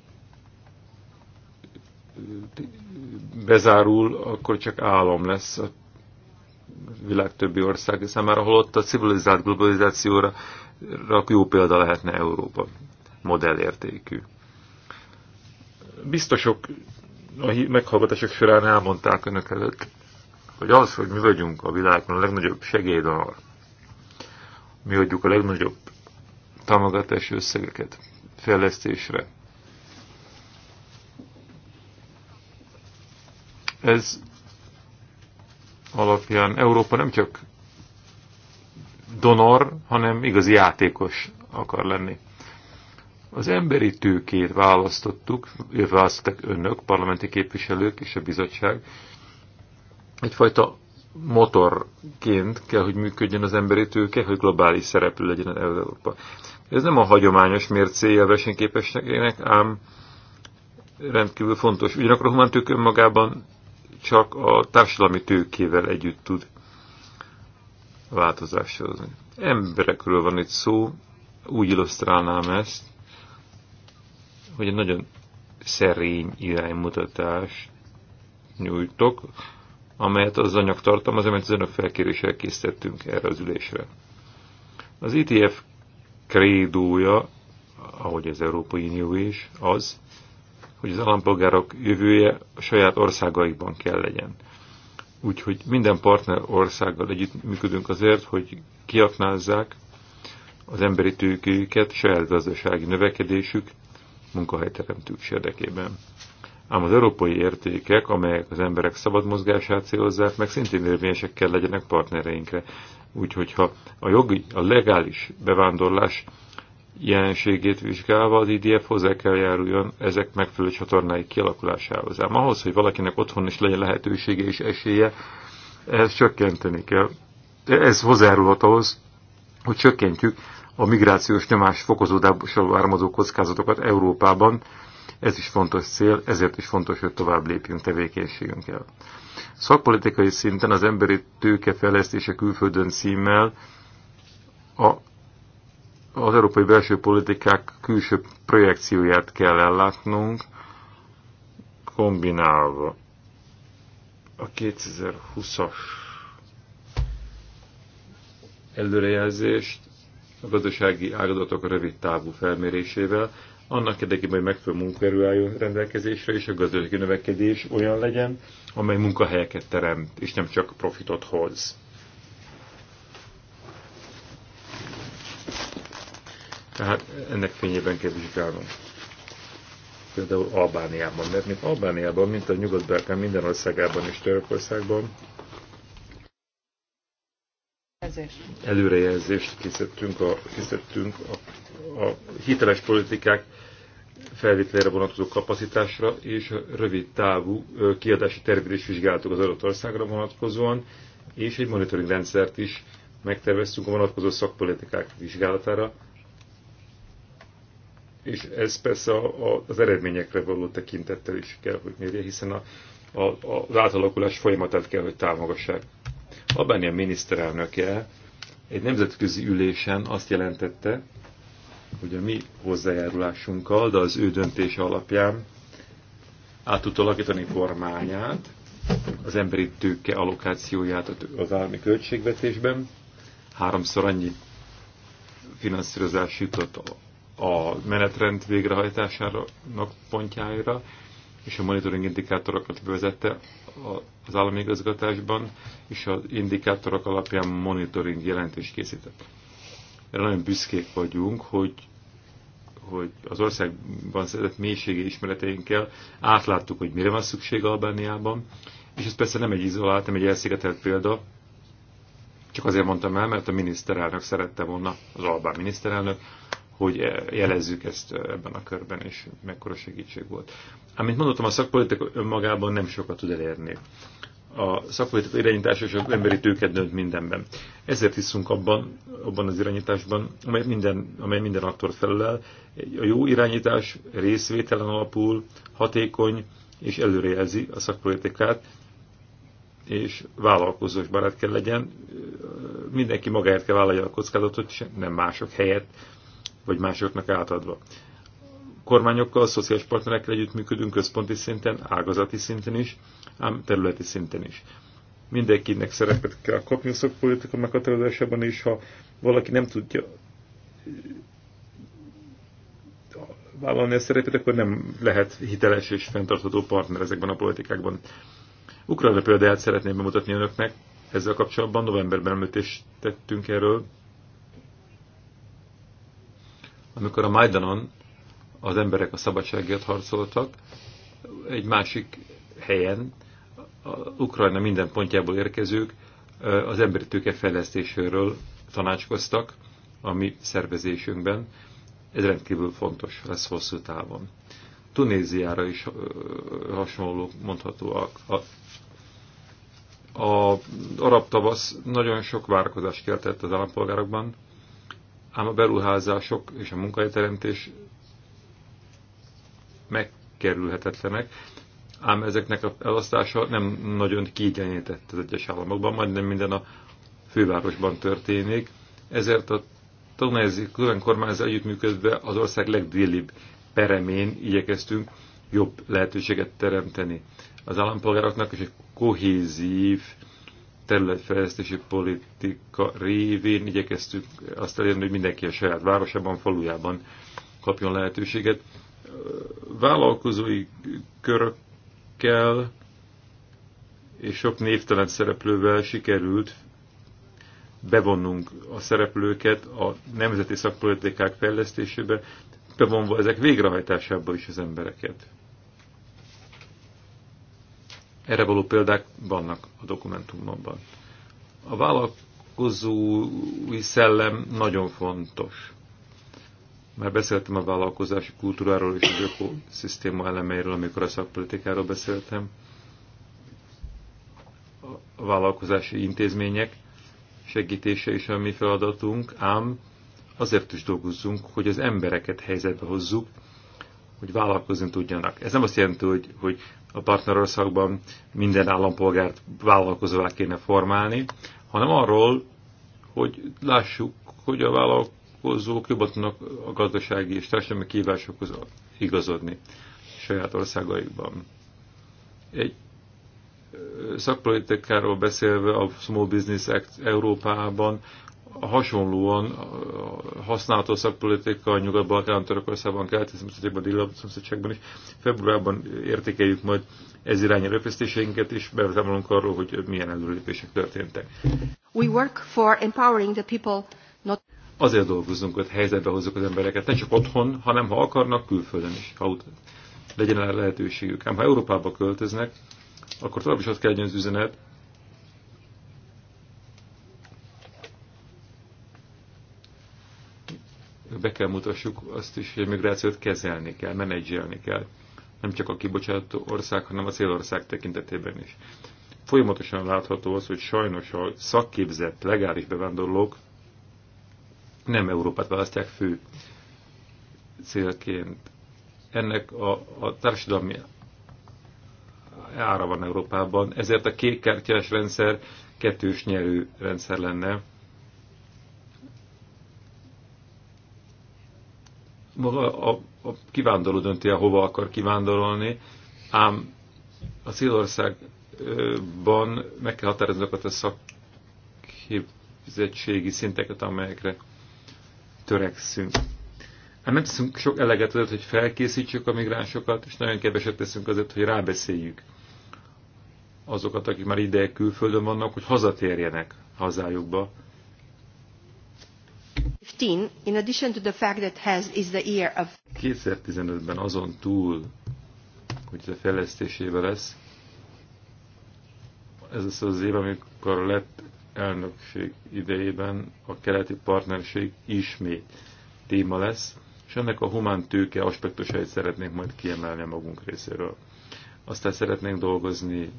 bezárul, akkor csak állam lesz a világ többi ország számára, holott a civilizált globalizációra jó példa lehetne Európa modellértékű. Biztosok a meghallgatások során elmondták önök előtt, hogy az, hogy mi vagyunk a világon a legnagyobb segélydonor, mi adjuk a legnagyobb támogatási összegeket fejlesztésre. Ez alapján Európa nem csak donor, hanem igazi játékos akar lenni. Az emberi tőkét választottuk, választottak önök, parlamenti képviselők és a bizottság. Egyfajta motorként kell, hogy működjön az emberi tőke, hogy globális szereplő legyen az Európa. Ez nem a hagyományos mércéje a ám rendkívül fontos. Ugyanakkor a humántők önmagában csak a társadalmi tőkével együtt tud változásra hozni. Emberekről van itt szó, úgy illusztrálnám ezt, hogy egy nagyon szerény iránymutatás nyújtok, amelyet az anyag tartalmaz, amelyet az önök felkéréssel készítettünk erre az ülésre. Az ETF krédója, ahogy az Európai Unió is, az, hogy az állampolgárok jövője a saját országaikban kell legyen. Úgyhogy minden partner országgal működünk azért, hogy kiaknázzák az emberi tőkéjüket, saját gazdasági növekedésük, munkahelyteremtők érdekében. Ám az európai értékek, amelyek az emberek szabad mozgását célozzák, meg szintén érvényesek kell legyenek partnereinkre. Úgyhogy ha a jogi, a legális bevándorlás jelenségét vizsgálva az IDF hozzá kell járuljon ezek megfelelő csatornáik kialakulásához. Ám ahhoz, hogy valakinek otthon is legyen lehetősége és esélye, ehhez csökkenteni kell. Ez hozzájárulhat ahhoz, hogy csökkentjük a migrációs nyomás fokozódással ármazó kockázatokat Európában. Ez is fontos cél, ezért is fontos, hogy tovább lépjünk tevékenységünkkel. Szakpolitikai szinten az emberi tőkefejlesztése külföldön címmel a az európai belső politikák külső projekcióját kell ellátnunk, kombinálva a 2020-as előrejelzést a gazdasági áradatok rövid távú felmérésével, annak érdekében, hogy megfelelő munkaerő álljon rendelkezésre, és a gazdasági növekedés olyan legyen, amely munkahelyeket teremt, és nem csak profitot hoz. Tehát ennek fényében kell vizsgálnunk. Például Albániában, mert mint Albániában, mint a Nyugat-Balkán minden országában és Törökországban előrejelzést készítettünk a, készítettünk a, a hiteles politikák felvételére vonatkozó kapacitásra és rövid távú kiadási tervét is vizsgáltuk az adott országra vonatkozóan, és egy monitoring rendszert is megterveztünk a vonatkozó szakpolitikák vizsgálatára, és ez persze a, a, az eredményekre való tekintettel is kell, hogy mérje, hiszen a, a, a, az átalakulás folyamatát kell, hogy támogassák. Abban a miniszterelnöke egy nemzetközi ülésen azt jelentette, hogy a mi hozzájárulásunkkal, de az ő döntése alapján át tudta alakítani kormányát, az emberi tőke allokációját az állami költségvetésben. Háromszor annyi finanszírozás jutott a menetrend végrehajtásának pontjáira, és a monitoring indikátorokat bevezette az állami igazgatásban, és az indikátorok alapján monitoring jelentést készített. Erre nagyon büszkék vagyunk, hogy, hogy az országban szedett mélységi ismereteinkkel átláttuk, hogy mire van szükség Albániában, és ez persze nem egy izolált, nem egy elszigetelt példa, csak azért mondtam el, mert a miniszterelnök szerette volna, az albán miniszterelnök hogy jelezzük ezt ebben a körben, és mekkora segítség volt. Amint mondottam, a szakpolitika önmagában nem sokat tud elérni. A szakpolitika irányítása és az emberi tőket dönt mindenben. Ezért hiszünk abban, abban az irányításban, amely minden, amely minden attól felelel. A jó irányítás részvételen alapul, hatékony, és előrejelzi a szakpolitikát, és vállalkozós barát kell legyen, mindenki magáért kell vállalja a kockázatot, és nem mások helyett vagy másoknak átadva. Kormányokkal, szociális partnerekkel együttműködünk központi szinten, ágazati szinten is, ám területi szinten is. Mindenkinek szerepet kell kapni a szakpolitika meghatározásában, és ha valaki nem tudja vállalni a szerepet, akkor nem lehet hiteles és fenntartható partner ezekben a politikákban. Ukrajna példáját szeretném bemutatni önöknek, ezzel kapcsolatban novemberben említést tettünk erről, amikor a Majdanon az emberek a szabadságért harcoltak, egy másik helyen a Ukrajna minden pontjából érkezők az emberi tőke fejlesztéséről tanácskoztak a mi szervezésünkben. Ez rendkívül fontos lesz hosszú távon. Tunéziára is hasonló mondhatóak. A, a arab tavasz nagyon sok várakozást keltett az állampolgárokban, ám a beruházások és a munkahelyteremtés megkerülhetetlenek, ám ezeknek a elosztása nem nagyon kiigyenített az egyes államokban, majdnem minden a fővárosban történik, ezért a tanázi külön kormányzat együttműködve az ország legdélibb peremén igyekeztünk jobb lehetőséget teremteni az állampolgároknak, és egy kohézív területfejlesztési politika révén igyekeztük azt elérni, hogy mindenki a saját városában, falujában kapjon lehetőséget. Vállalkozói körökkel és sok névtelen szereplővel sikerült bevonnunk a szereplőket a nemzeti szakpolitikák fejlesztésébe, bevonva ezek végrehajtásába is az embereket. Erre való példák vannak a dokumentumokban. A vállalkozói szellem nagyon fontos. Már beszéltem a vállalkozási kultúráról és az ökoszisztéma elemeiről, amikor a szakpolitikáról beszéltem. A vállalkozási intézmények segítése is a mi feladatunk, ám azért is dolgozzunk, hogy az embereket helyzetbe hozzuk, hogy vállalkozni tudjanak. Ez nem azt jelenti, hogy, hogy a partnerországban minden állampolgárt vállalkozóvá kéne formálni, hanem arról, hogy lássuk, hogy a vállalkozók jobban tudnak a gazdasági és társadalmi kívásokhoz igazodni saját országaikban. Egy szakpolitikáról beszélve a Small Business Act Európában hasonlóan használható szakpolitika a Nyugat-Balkán, Törökországban, keleti szomszédságban, déli szomszédságban is. Februárban értékeljük majd ez irányú erőfeszítéseinket, és bevetemolunk arról, hogy milyen előlépések történtek. We work for empowering the people, not... Azért dolgozunk, hogy helyzetbe hozzuk az embereket, ne csak otthon, hanem ha akarnak, külföldön is, ha ut- legyen lehetőségük. Ám ha Európába költöznek, akkor tovább is ott kell az üzenet, be kell mutassuk azt is, hogy a migrációt kezelni kell, menedzselni kell. Nem csak a kibocsátó ország, hanem a célország tekintetében is. Folyamatosan látható az, hogy sajnos a szakképzett legális bevándorlók nem Európát választják fő célként. Ennek a, a társadalmi ára van Európában, ezért a kártyás rendszer kettős nyerő rendszer lenne, maga a, a kivándorló dönti el, hova akar kivándorolni, ám a Célországban meg kell határozni azokat a szakképzettségi szinteket, amelyekre törekszünk. Hát nem teszünk sok eleget azért, hogy felkészítsük a migránsokat, és nagyon keveset teszünk azért, hogy rábeszéljük azokat, akik már ide külföldön vannak, hogy hazatérjenek hazájukba, 2015, in addition to the fact that has is the year of 2015-ben azon túl, hogy a fejlesztésébe lesz, ez az az év, amikor lett elnökség idejében a keleti partnerség ismét téma lesz, és ennek a humán tőke aspektusait szeretnénk majd kiemelni a magunk részéről. Aztán szeretnénk dolgozni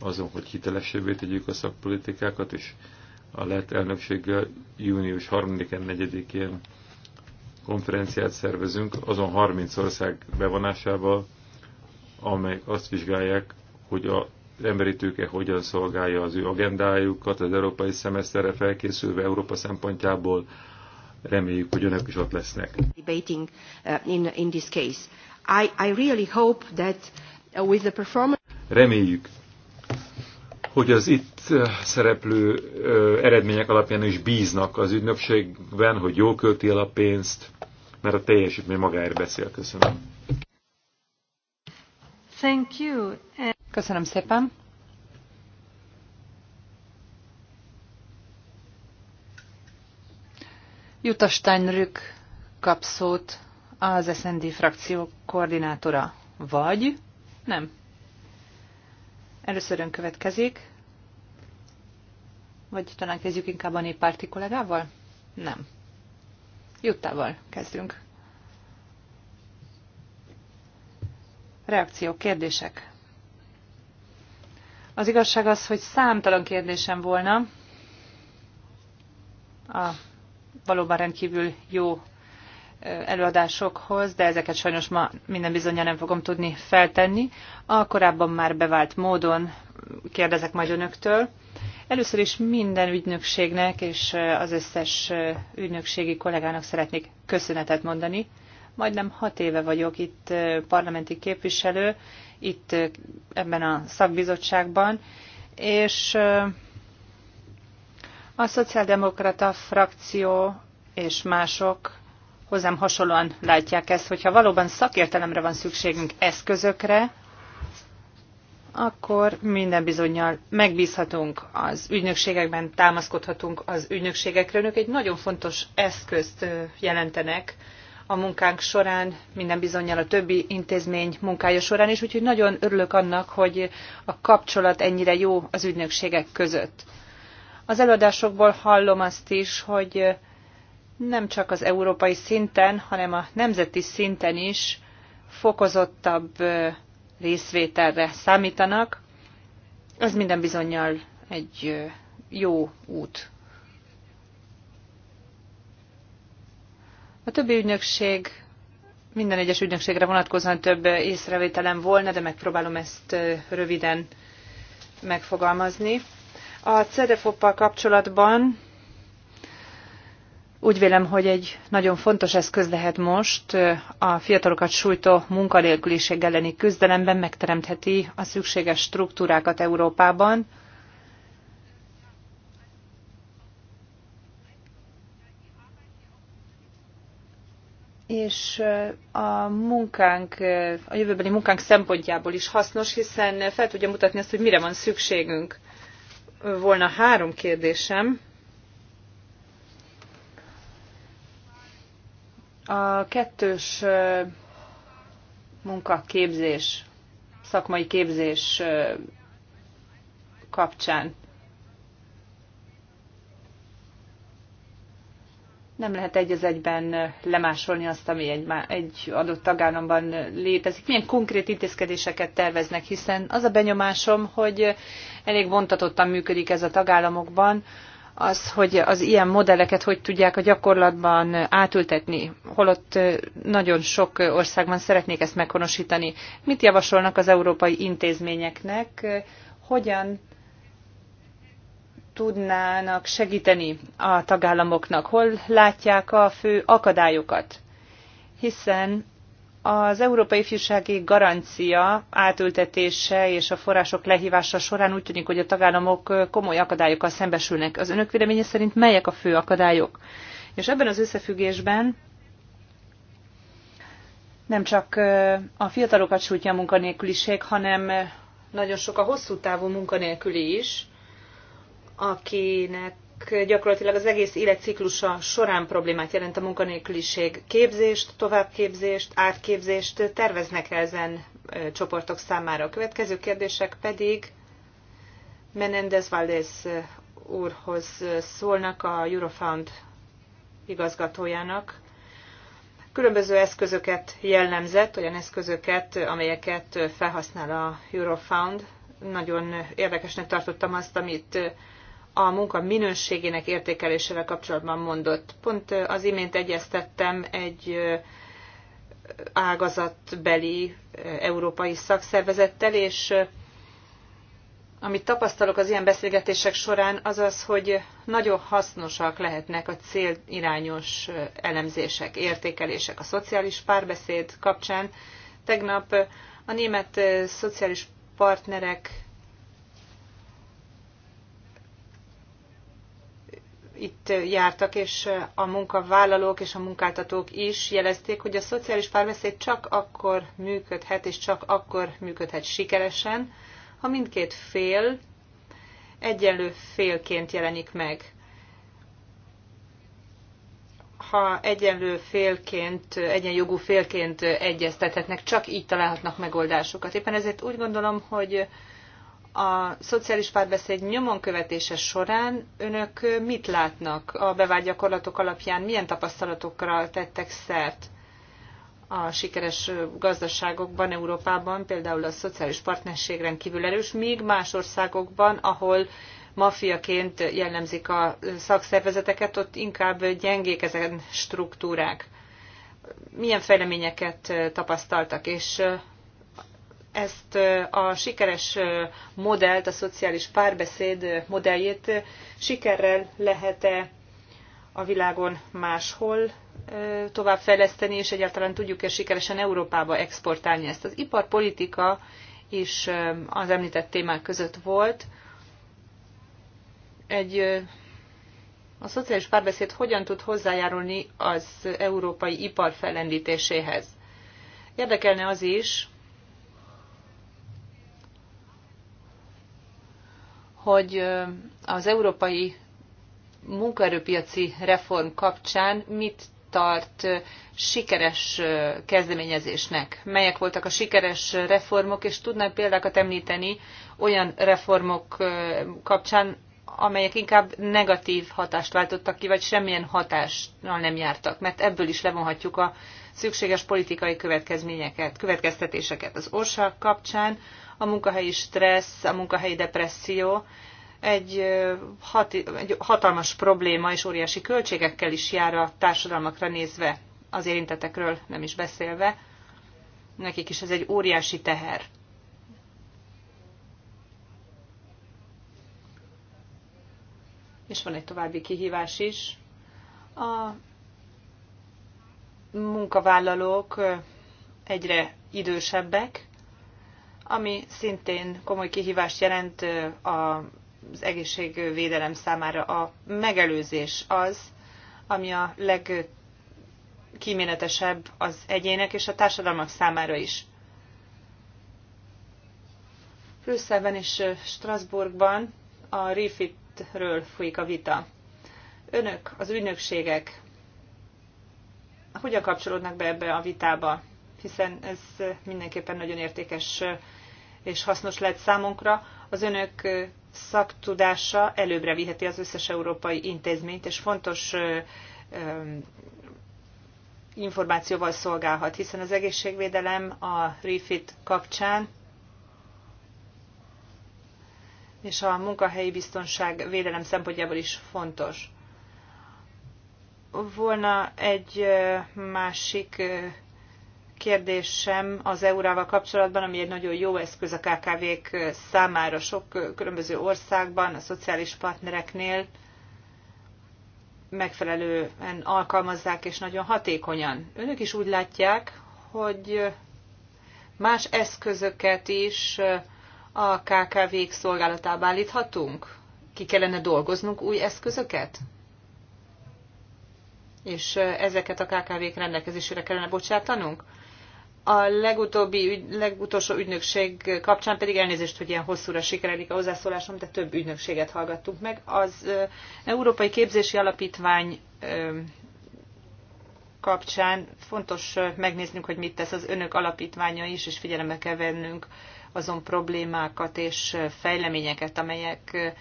azon, hogy hitelesebbé tegyük a szakpolitikákat, és a lett elnökséggel június 3-án, 4-én konferenciát szervezünk, azon 30 ország bevonásával, amelyek azt vizsgálják, hogy a emberi tőke hogyan szolgálja az ő agendájukat, az európai szemeszterre felkészülve Európa szempontjából, reméljük, hogy önök is ott lesznek. Debating uh, in, in this case. I, I really hope that uh, with the performance... Reméljük, hogy az itt szereplő eredmények alapján is bíznak az ügynökségben, hogy jó költi el a pénzt, mert a teljesítmény magáért beszél. Köszönöm. Thank you. Köszönöm szépen. Jutta Steinrück kap szót az SND frakció koordinátora, vagy nem, Először ön következik. Vagy talán kezdjük inkább a néppárti kollégával? Nem. Juttával kezdünk. Reakció, kérdések. Az igazság az, hogy számtalan kérdésem volna a valóban rendkívül jó előadásokhoz, de ezeket sajnos ma minden bizonyára nem fogom tudni feltenni. A korábban már bevált módon kérdezek majd önöktől. Először is minden ügynökségnek és az összes ügynökségi kollégának szeretnék köszönetet mondani. Majdnem hat éve vagyok itt parlamenti képviselő, itt ebben a szakbizottságban, és a szociáldemokrata frakció és mások hozzám hasonlóan látják ezt, hogyha valóban szakértelemre van szükségünk eszközökre, akkor minden bizonyal megbízhatunk az ügynökségekben, támaszkodhatunk az ügynökségekre. Önök egy nagyon fontos eszközt jelentenek a munkánk során, minden bizonyal a többi intézmény munkája során is, úgyhogy nagyon örülök annak, hogy a kapcsolat ennyire jó az ügynökségek között. Az előadásokból hallom azt is, hogy nem csak az európai szinten, hanem a nemzeti szinten is fokozottabb részvételre számítanak. Ez minden bizonyal egy jó út. A többi ügynökség, minden egyes ügynökségre vonatkozóan több észrevételem volna, de megpróbálom ezt röviden megfogalmazni. A CEDEFOP-pal kapcsolatban úgy vélem, hogy egy nagyon fontos eszköz lehet most a fiatalokat sújtó munkanélküliség elleni küzdelemben megteremtheti a szükséges struktúrákat Európában, és a munkánk, a jövőbeni munkánk szempontjából is hasznos, hiszen fel tudja mutatni azt, hogy mire van szükségünk. Volna három kérdésem. A kettős munkaképzés, szakmai képzés kapcsán nem lehet egy az egyben lemásolni azt, ami egy, egy adott tagállamban létezik. Milyen konkrét intézkedéseket terveznek, hiszen az a benyomásom, hogy elég vontatottan működik ez a tagállamokban, az, hogy az ilyen modelleket hogy tudják a gyakorlatban átültetni, holott nagyon sok országban szeretnék ezt meghonosítani. Mit javasolnak az európai intézményeknek, hogyan tudnának segíteni a tagállamoknak, hol látják a fő akadályokat? Hiszen az Európai Ifjúsági Garancia átültetése és a források lehívása során úgy tűnik, hogy a tagállamok komoly akadályokkal szembesülnek. Az önök véleménye szerint melyek a fő akadályok? És ebben az összefüggésben nem csak a fiatalokat sújtja a munkanélküliség, hanem nagyon sok a hosszú távú munkanélküli is, akinek gyakorlatilag az egész életciklusa során problémát jelent a munkanélküliség. Képzést, továbbképzést, átképzést terveznek -e ezen csoportok számára. A következő kérdések pedig Menendez Valdez úrhoz szólnak a Eurofound igazgatójának. Különböző eszközöket jellemzett, olyan eszközöket, amelyeket felhasznál a Eurofound. Nagyon érdekesnek tartottam azt, amit a munka minőségének értékelésével kapcsolatban mondott. Pont az imént egyeztettem egy ágazatbeli európai szakszervezettel, és amit tapasztalok az ilyen beszélgetések során, az az, hogy nagyon hasznosak lehetnek a célirányos elemzések, értékelések a szociális párbeszéd kapcsán. Tegnap a német szociális partnerek itt jártak, és a munkavállalók és a munkáltatók is jelezték, hogy a szociális párbeszéd csak akkor működhet, és csak akkor működhet sikeresen, ha mindkét fél egyenlő félként jelenik meg. Ha egyenlő félként, egyenjogú félként egyeztethetnek, csak így találhatnak megoldásokat. Éppen ezért úgy gondolom, hogy a szociális párbeszéd nyomon követése során önök mit látnak a bevált gyakorlatok alapján, milyen tapasztalatokra tettek szert a sikeres gazdaságokban, Európában, például a szociális partnerségren kívül erős, míg más országokban, ahol mafiaként jellemzik a szakszervezeteket, ott inkább gyengék ezen struktúrák. Milyen fejleményeket tapasztaltak, és ezt a sikeres modellt, a szociális párbeszéd modelljét sikerrel lehet-e a világon máshol továbbfejleszteni, és egyáltalán tudjuk-e sikeresen Európába exportálni ezt. Az iparpolitika is az említett témák között volt. Egy, a szociális párbeszéd hogyan tud hozzájárulni az európai ipar fellendítéséhez? Érdekelne az is, hogy az európai munkaerőpiaci reform kapcsán mit tart sikeres kezdeményezésnek? Melyek voltak a sikeres reformok, és tudnánk példákat említeni olyan reformok kapcsán, amelyek inkább negatív hatást váltottak ki, vagy semmilyen hatással nem jártak, mert ebből is levonhatjuk a szükséges politikai következményeket, következtetéseket. Az ORSA kapcsán a munkahelyi stressz, a munkahelyi depresszió egy, hat, egy hatalmas probléma és óriási költségekkel is jár a társadalmakra nézve, az érintetekről nem is beszélve. Nekik is ez egy óriási teher. És van egy további kihívás is. A munkavállalók egyre idősebbek, ami szintén komoly kihívást jelent az egészségvédelem számára. A megelőzés az, ami a legkíméletesebb az egyének és a társadalmak számára is. Brüsszelben és Strasbourgban a refitről folyik a vita. Önök, az ügynökségek hogyan kapcsolódnak be ebbe a vitába? Hiszen ez mindenképpen nagyon értékes és hasznos lehet számunkra. Az önök szaktudása előbbre viheti az összes európai intézményt, és fontos információval szolgálhat, hiszen az egészségvédelem a REFIT kapcsán és a munkahelyi biztonság védelem szempontjából is fontos. Volna egy másik kérdésem az EU-rával kapcsolatban, ami egy nagyon jó eszköz a KKV-k számára sok különböző országban, a szociális partnereknél megfelelően alkalmazzák, és nagyon hatékonyan. Önök is úgy látják, hogy más eszközöket is a KKV-k szolgálatába állíthatunk? Ki kellene dolgoznunk új eszközöket? És ezeket a KKV-k rendelkezésére kellene bocsátanunk? A legutóbbi, ügy, legutolsó ügynökség kapcsán pedig elnézést, hogy ilyen hosszúra sikerelik a hozzászólásom, de több ügynökséget hallgattunk meg. Az Európai Képzési Alapítvány kapcsán fontos megnéznünk, hogy mit tesz az önök alapítványa is, és figyelembe kell vennünk azon problémákat és fejleményeket, amelyek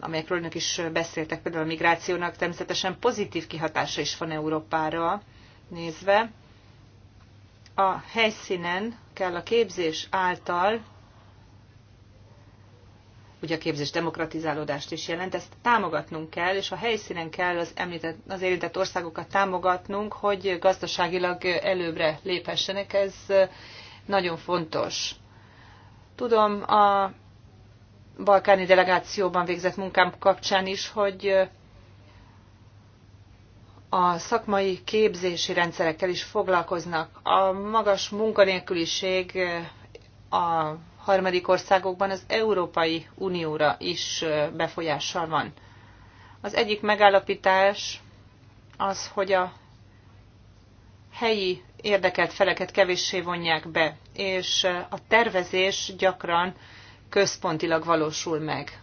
amelyekről önök is beszéltek, például a migrációnak természetesen pozitív kihatása is van Európára nézve a helyszínen kell a képzés által, ugye a képzés demokratizálódást is jelent, ezt támogatnunk kell, és a helyszínen kell az, említett, az érintett országokat támogatnunk, hogy gazdaságilag előbbre léphessenek, ez nagyon fontos. Tudom, a balkáni delegációban végzett munkám kapcsán is, hogy a szakmai képzési rendszerekkel is foglalkoznak. A magas munkanélküliség eh, a harmadik országokban az Európai Unióra is eh, befolyással van. Az egyik megállapítás az, hogy a helyi érdekelt feleket kevéssé vonják be, és eh, a tervezés gyakran központilag valósul meg.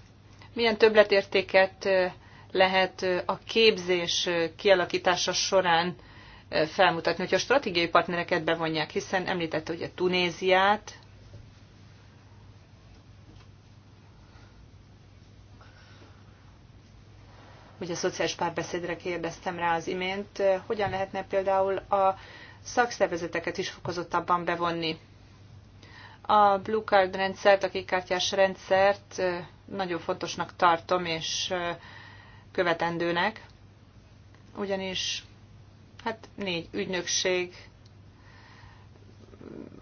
Milyen többletértéket lehet a képzés kialakítása során felmutatni, hogy a stratégiai partnereket bevonják, hiszen említette ugye Tunéziát, ugye a szociális párbeszédre kérdeztem rá az imént, hogyan lehetne például a szakszervezeteket is fokozottabban bevonni. A Blue Card rendszert, a kékkártyás rendszert nagyon fontosnak tartom, és követendőnek, ugyanis hát négy ügynökség,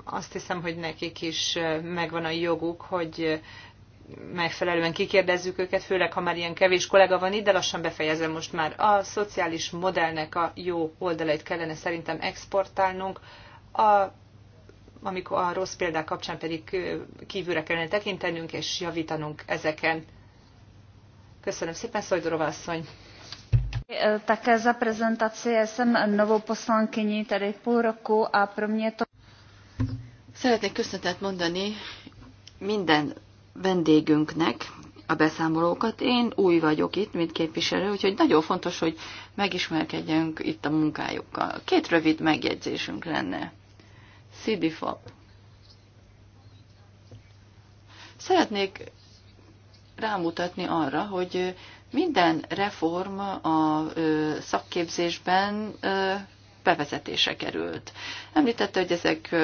azt hiszem, hogy nekik is megvan a joguk, hogy megfelelően kikérdezzük őket, főleg ha már ilyen kevés kollega van itt, de lassan befejezem most már. A szociális modellnek a jó oldalait kellene szerintem exportálnunk, a, amikor a rossz példák kapcsán pedig kívülre kellene tekintenünk és javítanunk ezeken. Köszönöm szépen, Szojdorova asszony. E, také za prezentaci Já jsem novou poslankyní tady půl roku a pro mě to... Szeretnék köszönetet mondani minden vendégünknek, a beszámolókat. Én új vagyok itt, mint képviselő, úgyhogy nagyon fontos, hogy megismerkedjünk itt a munkájukkal. Két rövid megjegyzésünk lenne. Szidifab. Szeretnék rámutatni arra, hogy minden reform a szakképzésben bevezetése került. Említette, hogy ezek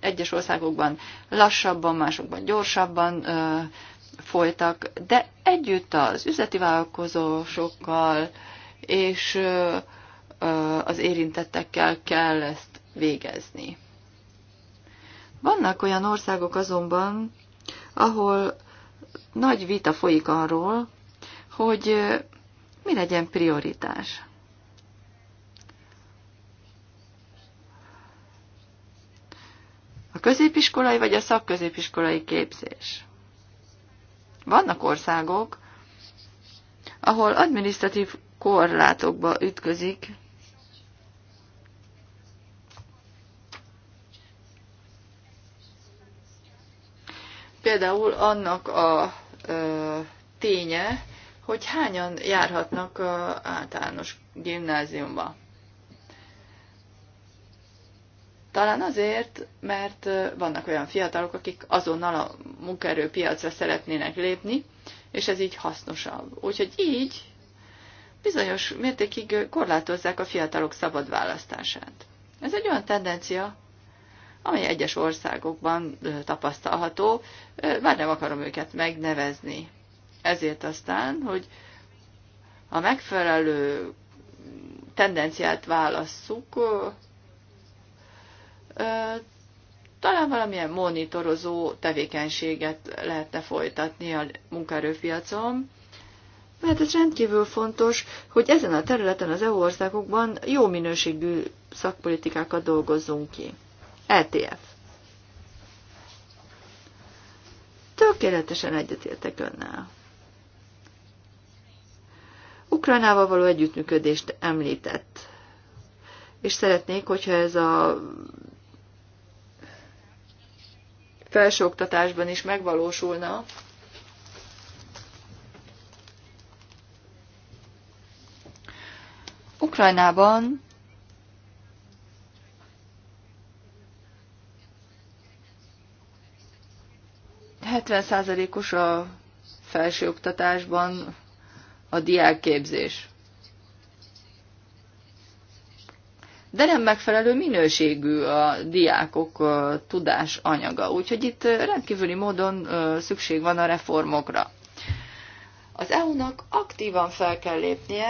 egyes országokban lassabban, másokban gyorsabban folytak, de együtt az üzleti vállalkozósokkal és az érintettekkel kell ezt végezni. Vannak olyan országok azonban, ahol nagy vita folyik arról, hogy mi legyen prioritás. A középiskolai vagy a szakközépiskolai képzés. Vannak országok, ahol administratív korlátokba ütközik Például annak a ténye, hogy hányan járhatnak általános gimnáziumba. Talán azért, mert vannak olyan fiatalok, akik azonnal a munkaerőpiacra szeretnének lépni, és ez így hasznosabb. Úgyhogy így bizonyos mértékig korlátozzák a fiatalok szabad választását. Ez egy olyan tendencia, amely egyes országokban tapasztalható, bár nem akarom őket megnevezni. Ezért aztán, hogy a megfelelő tendenciát válasszuk, talán valamilyen monitorozó tevékenységet lehetne folytatni a munkaerőpiacon, mert ez rendkívül fontos, hogy ezen a területen az EU országokban jó minőségű szakpolitikákat dolgozzunk ki. ETF. Tökéletesen egyetértek önnel. Ukrajnával való együttműködést említett. És szeretnék, hogyha ez a felsőoktatásban is megvalósulna, Ukrajnában 70%-os a felsőoktatásban a diákképzés. De nem megfelelő minőségű a diákok tudás anyaga, úgyhogy itt rendkívüli módon szükség van a reformokra. Az EU-nak aktívan fel kell lépnie,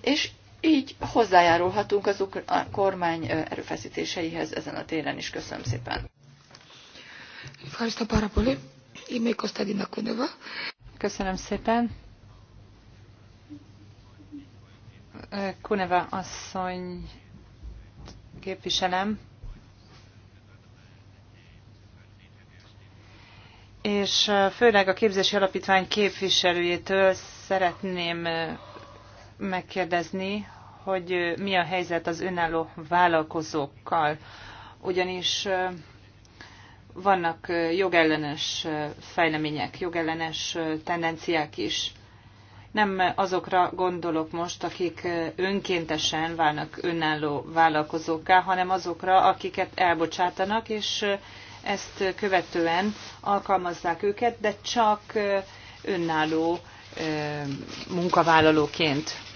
és így hozzájárulhatunk az a kormány erőfeszítéseihez ezen a téren is. Köszönöm szépen. Köszönöm Köszönöm szépen. Kuneva asszony képviselem. És főleg a képzési alapítvány képviselőjétől szeretném megkérdezni, hogy mi a helyzet az önálló vállalkozókkal. Ugyanis vannak jogellenes fejlemények, jogellenes tendenciák is. Nem azokra gondolok most, akik önkéntesen válnak önálló vállalkozókká, hanem azokra, akiket elbocsátanak, és ezt követően alkalmazzák őket, de csak önálló munkavállalóként.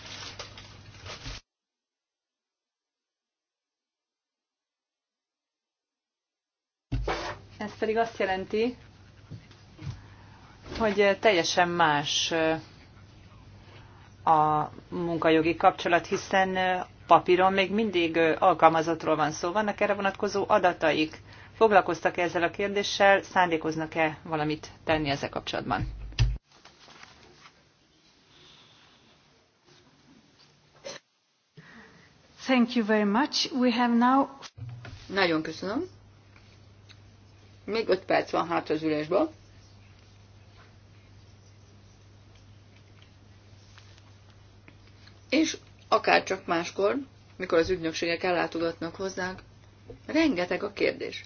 Ez pedig azt jelenti, hogy teljesen más eh, a munkajogi kapcsolat, hiszen eh, papíron még mindig eh, alkalmazatról van szó. Vannak erre vonatkozó adataik. Foglalkoztak -e ezzel a kérdéssel, szándékoznak-e valamit tenni ezzel kapcsolatban? Thank you very much. We have now... Nagyon köszönöm. Még 5 perc van hátra az ülésből. És akár csak máskor, mikor az ügynökségek ellátogatnak hozzánk, rengeteg a kérdés.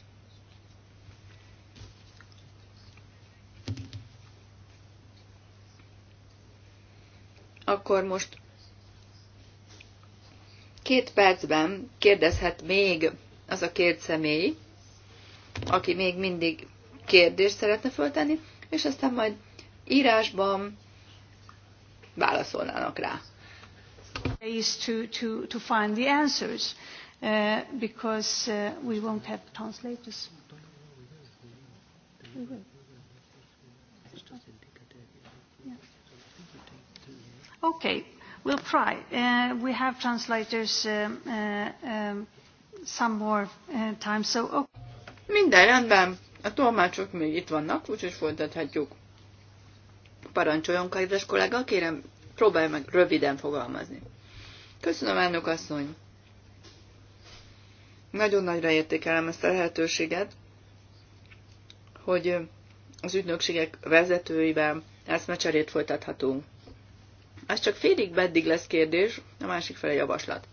Akkor most két percben kérdezhet még az a két személy, aki még mindig kérdést szeretne föltenni, és aztán majd írásban válaszolnának rá. To, to, to find the answers, uh, because uh, we won't have translators. Okay, we'll try. Uh, we have translators um, uh, um, some more uh, time, so minden rendben, a tolmácsok még itt vannak, úgyhogy folytathatjuk. Parancsoljon, kedves kollega, kérem, próbálj meg röviden fogalmazni. Köszönöm, elnök asszony. Nagyon nagyra értékelem ezt a lehetőséget, hogy az ügynökségek vezetőiben eszmecserét folytathatunk. Ez csak félig beddig lesz kérdés, a másik fele javaslat.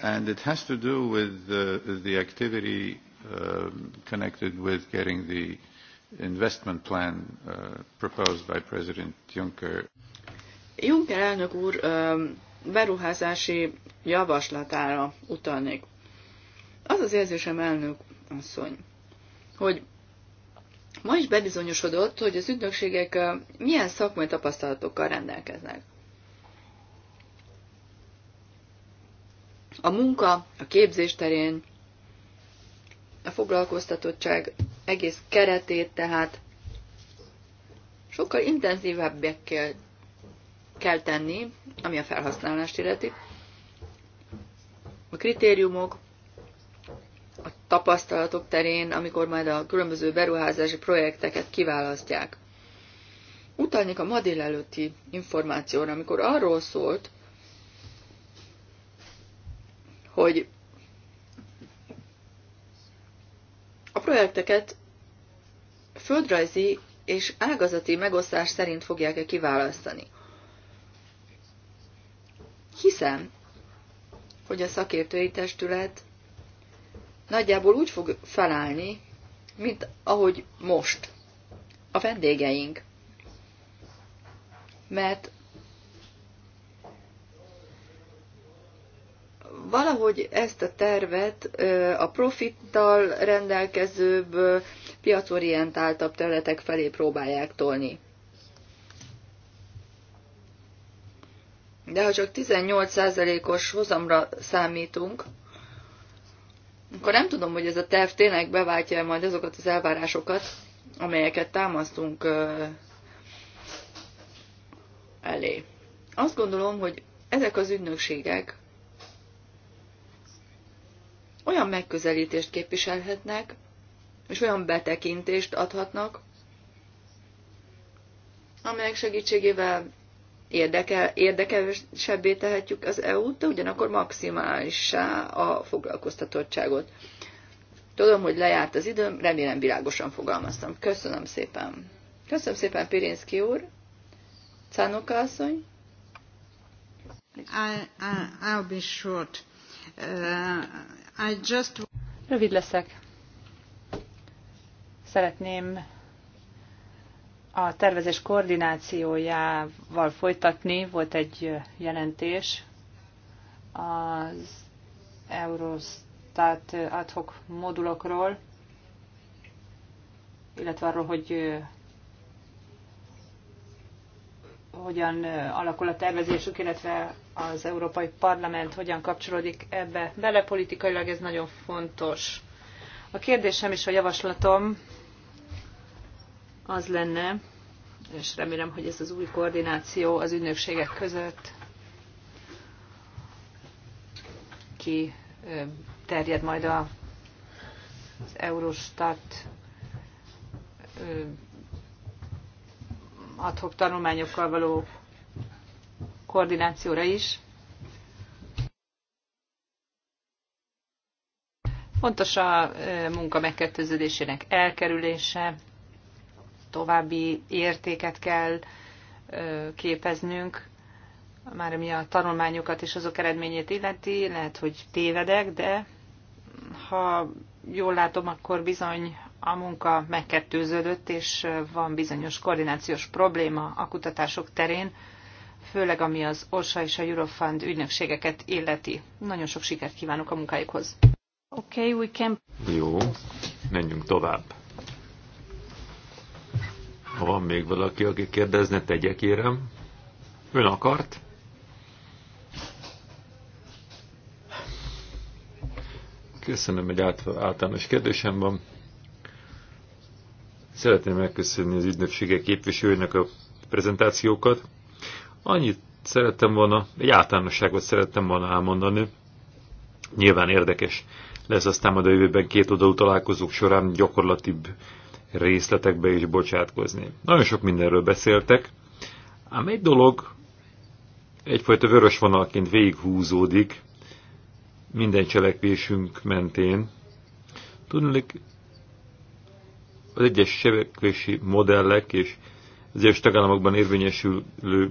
And it has to do with the, the activity Uh, connected with getting the investment plan uh, proposed by President Juncker. Juncker elnök úr um, beruházási javaslatára utalnék. Az az érzésem, elnök asszony, hogy ma is bebizonyosodott, hogy az ügynökségek uh, milyen szakmai tapasztalatokkal rendelkeznek. A munka, a képzés terén, a foglalkoztatottság egész keretét, tehát sokkal intenzívebbek kell, kell tenni, ami a felhasználást illeti. A kritériumok, a tapasztalatok terén, amikor majd a különböző beruházási projekteket kiválasztják. Utalnék a ma délelőtti információra, amikor arról szólt, hogy projekteket földrajzi és ágazati megosztás szerint fogják-e kiválasztani. Hiszem, hogy a szakértői testület nagyjából úgy fog felállni, mint ahogy most a vendégeink. Mert valahogy ezt a tervet a profittal rendelkezőbb, piacorientáltabb területek felé próbálják tolni. De ha csak 18%-os hozamra számítunk, akkor nem tudom, hogy ez a terv tényleg beváltja majd azokat az elvárásokat, amelyeket támasztunk elé. Azt gondolom, hogy ezek az ügynökségek olyan megközelítést képviselhetnek, és olyan betekintést adhatnak, amelyek segítségével érdekel, érdekesebbé tehetjük az EU-t, de ugyanakkor maximálissá a foglalkoztatottságot. Tudom, hogy lejárt az időm, remélem világosan fogalmaztam. Köszönöm szépen. Köszönöm szépen, Pirinszki úr. Cánoka asszony. I, I, I'll be short. Uh, Rövid leszek. Szeretném a tervezés koordinációjával folytatni. Volt egy jelentés az Eurostat hoc modulokról, illetve arról, hogy hogyan alakul a tervezésük, illetve az Európai Parlament hogyan kapcsolódik ebbe bele politikailag, ez nagyon fontos. A kérdésem és a javaslatom az lenne, és remélem, hogy ez az új koordináció az ügynökségek között ki terjed majd a, az Eurostat adhok tanulmányokkal való koordinációra is. Fontos a munka megkettőződésének elkerülése, további értéket kell képeznünk, már ami a tanulmányokat és azok eredményét illeti, lehet, hogy tévedek, de ha jól látom, akkor bizony a munka megkettőződött, és van bizonyos koordinációs probléma a kutatások terén, főleg ami az OSA és a Eurofund ügynökségeket illeti. Nagyon sok sikert kívánok a munkájukhoz. Okay, we can... Jó, menjünk tovább. Ha van még valaki, aki kérdezne, tegye kérem. Ön akart? Köszönöm, egy általános kérdésem van. Szeretném megköszönni az ügynökségek képviselőinek a prezentációkat. Annyit szerettem volna, egy általánosságot szerettem volna elmondani. Nyilván érdekes lesz aztán majd a jövőben két oldalú találkozók során gyakorlatibb részletekbe is bocsátkozni. Nagyon sok mindenről beszéltek, ám egy dolog egyfajta vörös vonalként végighúzódik minden cselekvésünk mentén. Tudnék, az egyes cselekvési modellek és az egyes tagállamokban érvényesülő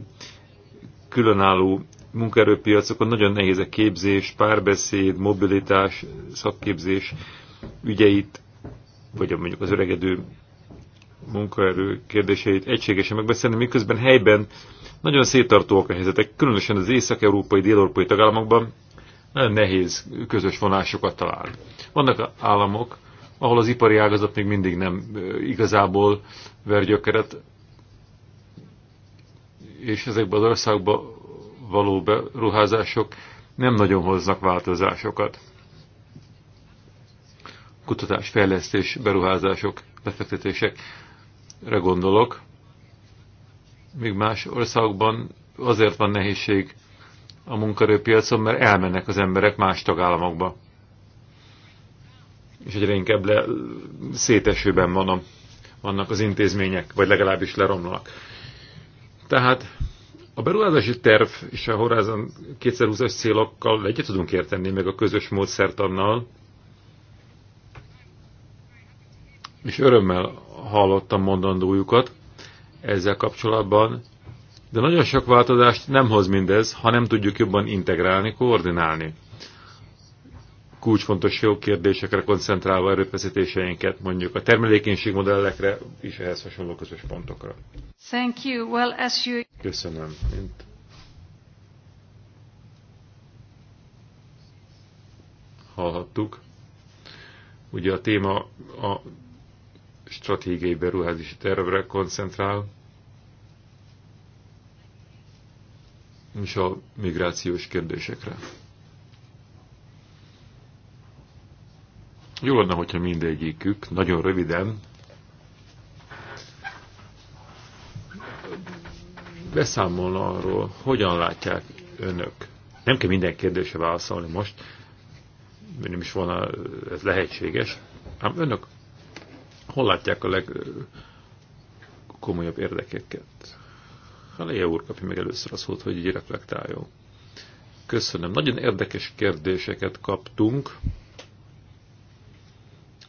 különálló munkaerőpiacokon nagyon nehéz a képzés, párbeszéd, mobilitás, szakképzés ügyeit, vagy mondjuk az öregedő munkaerő kérdéseit egységesen megbeszélni, miközben helyben nagyon széttartóak a helyzetek, különösen az észak-európai, dél-európai tagállamokban nagyon nehéz közös vonásokat találni. Vannak államok, ahol az ipari ágazat még mindig nem igazából vergyökeret és ezekben az országban való beruházások nem nagyon hoznak változásokat. Kutatás, fejlesztés, beruházások, befektetésekre gondolok. Még más országban azért van nehézség a munkaerőpiacon, mert elmennek az emberek más tagállamokba. És egyre inkább le, szétesőben van a, vannak az intézmények, vagy legalábbis leromlanak. Tehát a beruházási terv és a Horizon 2020-as célokkal egyet tudunk érteni, meg a közös módszertannal. És örömmel hallottam mondandójukat ezzel kapcsolatban, de nagyon sok változást nem hoz mindez, ha nem tudjuk jobban integrálni, koordinálni kulcsfontos kérdésekre koncentrálva erőfeszítéseinket, mondjuk a termelékenység modellekre és ehhez hasonló közös pontokra. Thank you. Well, as you... Köszönöm. Mint... Hallhattuk. Ugye a téma a stratégiai beruházási tervre koncentrál, és a migrációs kérdésekre. Jó lenne, hogyha mindegyikük nagyon röviden beszámolna arról, hogyan látják önök. Nem kell minden kérdésre válaszolni most, nem is volna ez lehetséges, ám önök hol látják a legkomolyabb érdekeket? Haleje hát úr kapja meg először a szót, hogy így reflektáljon. Köszönöm. Nagyon érdekes kérdéseket kaptunk.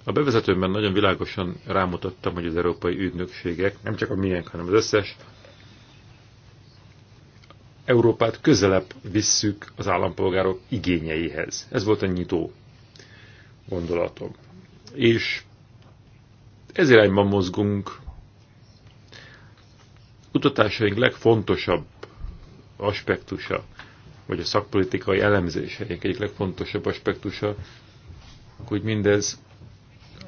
A bevezetőmben nagyon világosan rámutattam, hogy az európai ügynökségek, nem csak a miénk, hanem az összes, Európát közelebb visszük az állampolgárok igényeihez. Ez volt a nyitó gondolatom. És ez irányban mozgunk. Utatásaink legfontosabb aspektusa, vagy a szakpolitikai elemzéseink egyik legfontosabb aspektusa, hogy mindez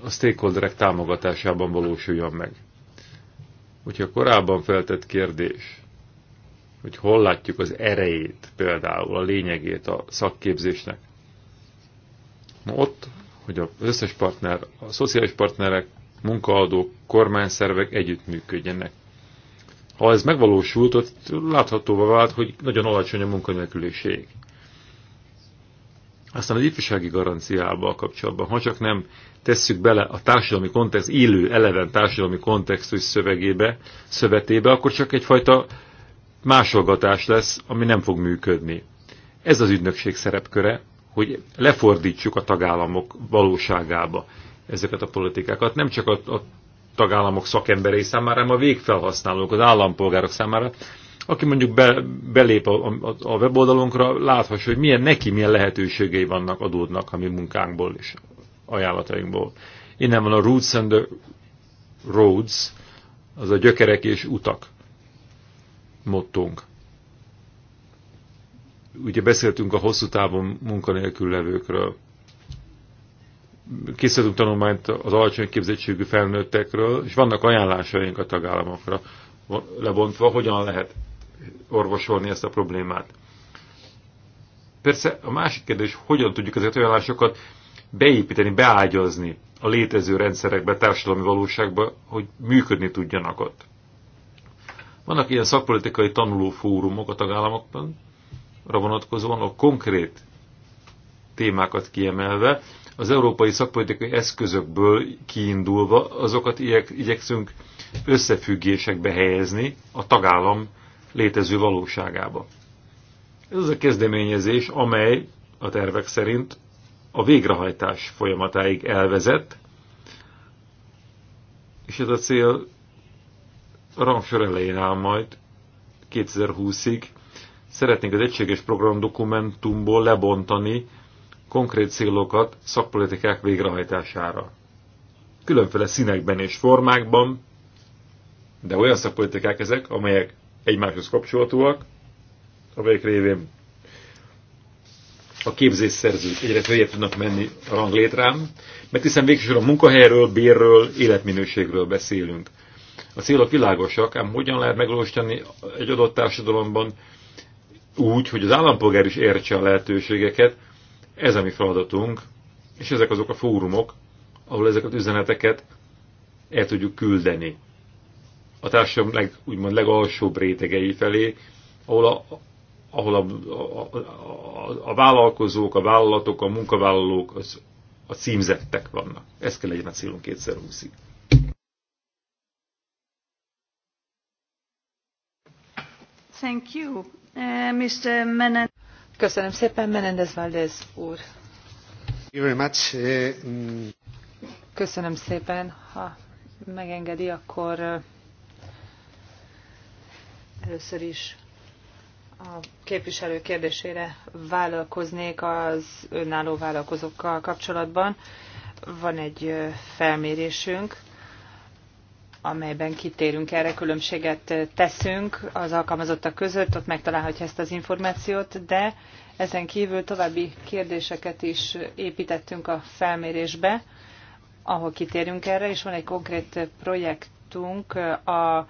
a stakeholderek támogatásában valósuljon meg. Hogyha korábban feltett kérdés, hogy hol látjuk az erejét például, a lényegét a szakképzésnek. Na ott, hogy az összes partner, a szociális partnerek, munkaadók, kormányszervek együttműködjenek. Ha ez megvalósult, ott láthatóvá vált, hogy nagyon alacsony a munkanélküliség. Aztán az ifjúsági garanciával kapcsolatban, ha csak nem tesszük bele a társadalmi kontext, élő, eleven társadalmi kontextus szövegébe, szövetébe, akkor csak egyfajta másolgatás lesz, ami nem fog működni. Ez az ügynökség szerepköre, hogy lefordítsuk a tagállamok valóságába ezeket a politikákat. Nem csak a, a tagállamok szakemberei számára, hanem a végfelhasználók, az állampolgárok számára, aki mondjuk be, belép a, a, a weboldalunkra, láthassa, hogy milyen neki milyen lehetőségei vannak, adódnak a mi munkánkból és ajánlatainkból. Innen van a Roots and the Roads, az a gyökerek és utak mottunk. Ugye beszéltünk a hosszú távon munkanélkül levőkről. Készítettünk tanulmányt az alacsony képzettségű felnőttekről, és vannak ajánlásaink a tagállamokra lebontva, hogyan lehet orvosolni ezt a problémát. Persze a másik kérdés, hogyan tudjuk ezeket olyan állásokat beépíteni, beágyazni a létező rendszerekbe, társadalmi valóságba, hogy működni tudjanak ott. Vannak ilyen szakpolitikai fórumok a tagállamokban, arra vonatkozóan a konkrét témákat kiemelve, az európai szakpolitikai eszközökből kiindulva azokat igyekszünk összefüggésekbe helyezni a tagállam létező valóságába. Ez az a kezdeményezés, amely a tervek szerint a végrehajtás folyamatáig elvezet, és ez a cél a rangsor elején áll majd 2020-ig. Szeretnénk az egységes program dokumentumból lebontani konkrét célokat szakpolitikák végrehajtására. Különféle színekben és formákban, de olyan szakpolitikák ezek, amelyek egymáshoz kapcsolatúak, amelyek révén a képzésszerzők egyre följebb tudnak menni a ranglétrán, mert hiszen végsősorban a munkahelyről, bérről, életminőségről beszélünk. A célok világosak, ám hogyan lehet megvalósítani egy adott társadalomban úgy, hogy az állampolgár is értse a lehetőségeket, ez a mi feladatunk, és ezek azok a fórumok, ahol ezeket az üzeneteket el tudjuk küldeni a társadalom leg, úgymond legalsóbb rétegei felé, ahol a, ahol a, a, a, a vállalkozók, a vállalatok, a munkavállalók, az, a címzettek vannak. Ez kell legyen a célunk 2020-ig. Thank you, uh, Mr. Menendez. Köszönöm szépen, Menendez Valdez úr. Thank you very much. Uh, mm. Köszönöm szépen, ha megengedi, akkor uh, Először is a képviselő kérdésére vállalkoznék az önálló vállalkozókkal kapcsolatban. Van egy felmérésünk, amelyben kitérünk erre, különbséget teszünk az alkalmazottak között, ott megtalálhatja ezt az információt, de ezen kívül további kérdéseket is építettünk a felmérésbe, ahol kitérünk erre, és van egy konkrét projektünk a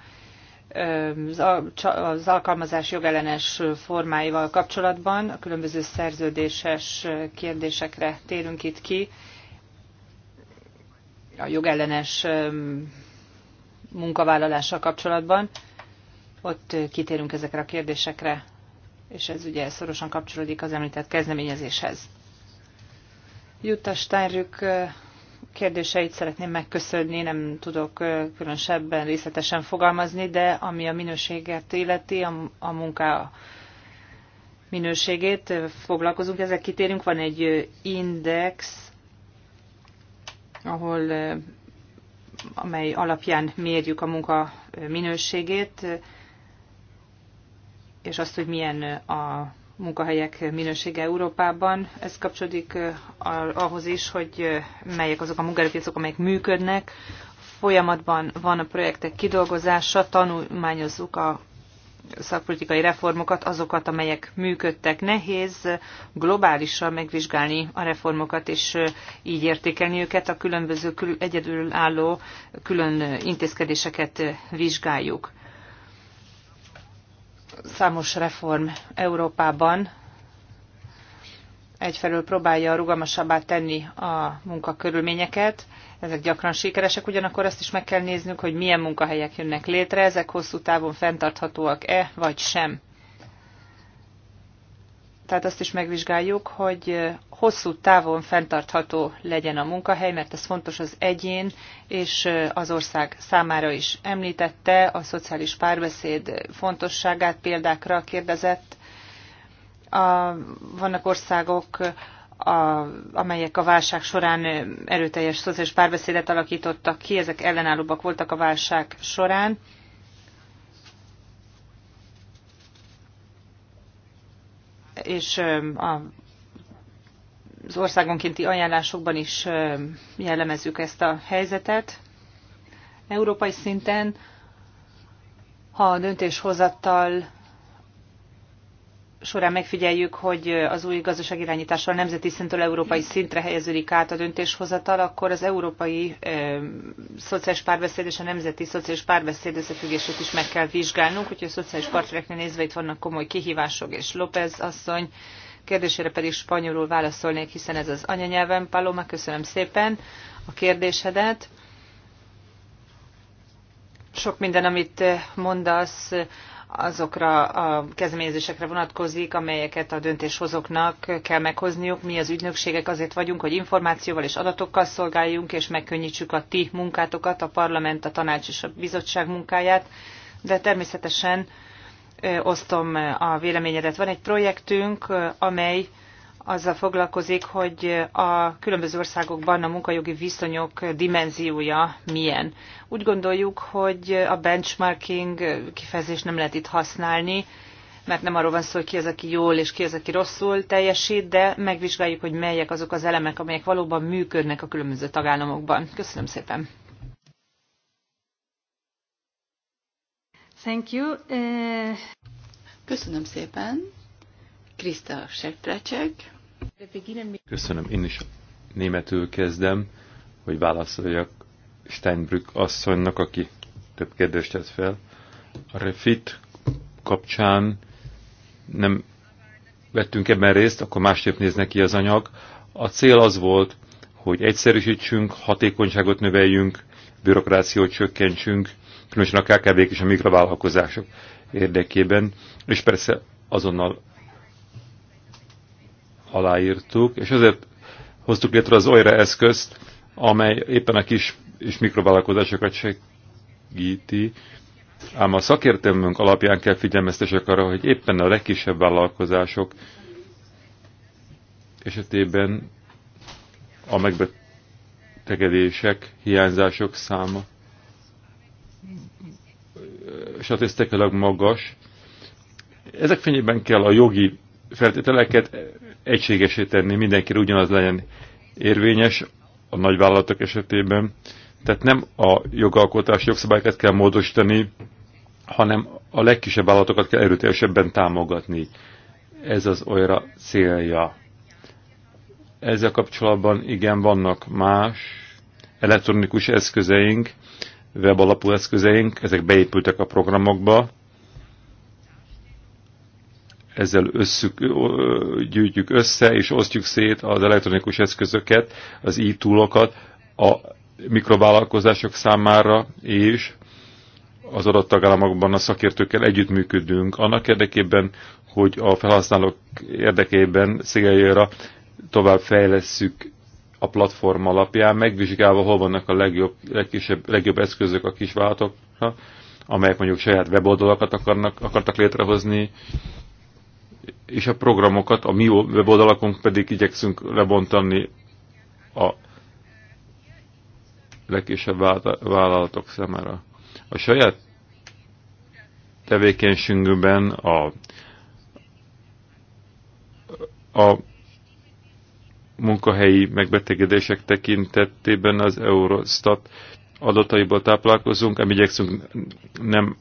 az alkalmazás jogellenes formáival kapcsolatban. A különböző szerződéses kérdésekre térünk itt ki. A jogellenes munkavállalással kapcsolatban. Ott kitérünk ezekre a kérdésekre, és ez ugye szorosan kapcsolódik az említett kezdeményezéshez. Jutta Steinrück kérdéseit szeretném megköszönni, nem tudok különösebben részletesen fogalmazni, de ami a minőséget illeti, a, a munka minőségét foglalkozunk, ezek kitérünk. Van egy index, ahol amely alapján mérjük a munka minőségét, és azt, hogy milyen a munkahelyek minősége Európában. Ez kapcsolódik ahhoz is, hogy melyek azok a munkaerőpiacok, amelyek működnek. Folyamatban van a projektek kidolgozása, tanulmányozzuk a szakpolitikai reformokat, azokat, amelyek működtek. Nehéz globálisan megvizsgálni a reformokat, és így értékelni őket. A különböző egyedülálló külön intézkedéseket vizsgáljuk számos reform Európában egyfelől próbálja rugalmasabbá tenni a munkakörülményeket, ezek gyakran sikeresek, ugyanakkor azt is meg kell néznünk, hogy milyen munkahelyek jönnek létre, ezek hosszú távon fenntarthatóak-e vagy sem tehát azt is megvizsgáljuk, hogy hosszú távon fenntartható legyen a munkahely, mert ez fontos az egyén és az ország számára is. Említette a szociális párbeszéd fontosságát, példákra kérdezett. A, vannak országok, a, amelyek a válság során erőteljes szociális párbeszédet alakítottak ki, ezek ellenállóbbak voltak a válság során és a az országonkénti ajánlásokban is jellemezzük ezt a helyzetet. Európai szinten, ha a döntéshozattal során megfigyeljük, hogy az új gazdaságirányítással nemzeti szintől európai szintre helyeződik át a döntéshozatal, akkor az európai e, szociális párbeszéd és a nemzeti szociális párbeszéd összefüggését is meg kell vizsgálnunk, úgyhogy a szociális partnereknél nézve itt vannak komoly kihívások, és López asszony kérdésére pedig spanyolul válaszolnék, hiszen ez az anyanyelvem. Paloma, köszönöm szépen a kérdésedet. Sok minden, amit mondasz, azokra a kezdeményezésekre vonatkozik, amelyeket a döntéshozóknak kell meghozniuk. Mi az ügynökségek azért vagyunk, hogy információval és adatokkal szolgáljunk, és megkönnyítsük a ti munkátokat, a parlament, a tanács és a bizottság munkáját, de természetesen osztom a véleményedet. Van egy projektünk, amely azzal foglalkozik, hogy a különböző országokban a munkajogi viszonyok dimenziója milyen. Úgy gondoljuk, hogy a benchmarking kifejezést nem lehet itt használni, mert nem arról van szó, hogy ki az, aki jól és ki az, aki rosszul teljesít, de megvizsgáljuk, hogy melyek azok az elemek, amelyek valóban működnek a különböző tagállamokban. Köszönöm szépen! Thank you. Eh, Köszönöm szépen. Krista Sertrecsek. Köszönöm, én is németül kezdem, hogy válaszoljak Steinbrück asszonynak, aki több kérdést tett fel. A refit kapcsán nem vettünk ebben részt, akkor másképp néz neki az anyag. A cél az volt, hogy egyszerűsítsünk, hatékonyságot növeljünk, bürokrációt csökkentsünk, különösen a KKV-k és a mikrovállalkozások érdekében, és persze azonnal aláírtuk, és ezért hoztuk létre az olyra eszközt, amely éppen a kis és mikrovállalkozásokat segíti, ám a szakértelmünk alapján kell figyelmeztetek arra, hogy éppen a legkisebb vállalkozások esetében a megbetegedések, hiányzások száma statisztikailag magas. Ezek fényében kell a jogi feltételeket egységesé tenni, mindenkire ugyanaz legyen érvényes a nagyvállalatok esetében. Tehát nem a jogalkotás jogszabályokat kell módosítani, hanem a legkisebb vállalatokat kell erőteljesebben támogatni. Ez az olyra célja. Ezzel kapcsolatban igen, vannak más elektronikus eszközeink, webalapú eszközeink, ezek beépültek a programokba, ezzel összük, gyűjtjük össze és osztjuk szét az elektronikus eszközöket, az e a mikrovállalkozások számára, és az adott tagállamokban a szakértőkkel együttműködünk, annak érdekében, hogy a felhasználók érdekében szigeljére tovább fejlesszük a platform alapján, megvizsgálva, hol vannak a legjobb, legkisebb, legjobb eszközök a kisvállalatokra, amelyek mondjuk saját weboldalakat akarnak, akartak létrehozni, és a programokat a mi weboldalakon pedig igyekszünk lebontani a legkisebb vállalatok számára. A saját tevékenységünkben a, a munkahelyi megbetegedések tekintetében az Eurostat adataiból táplálkozunk, ám igyekszünk nem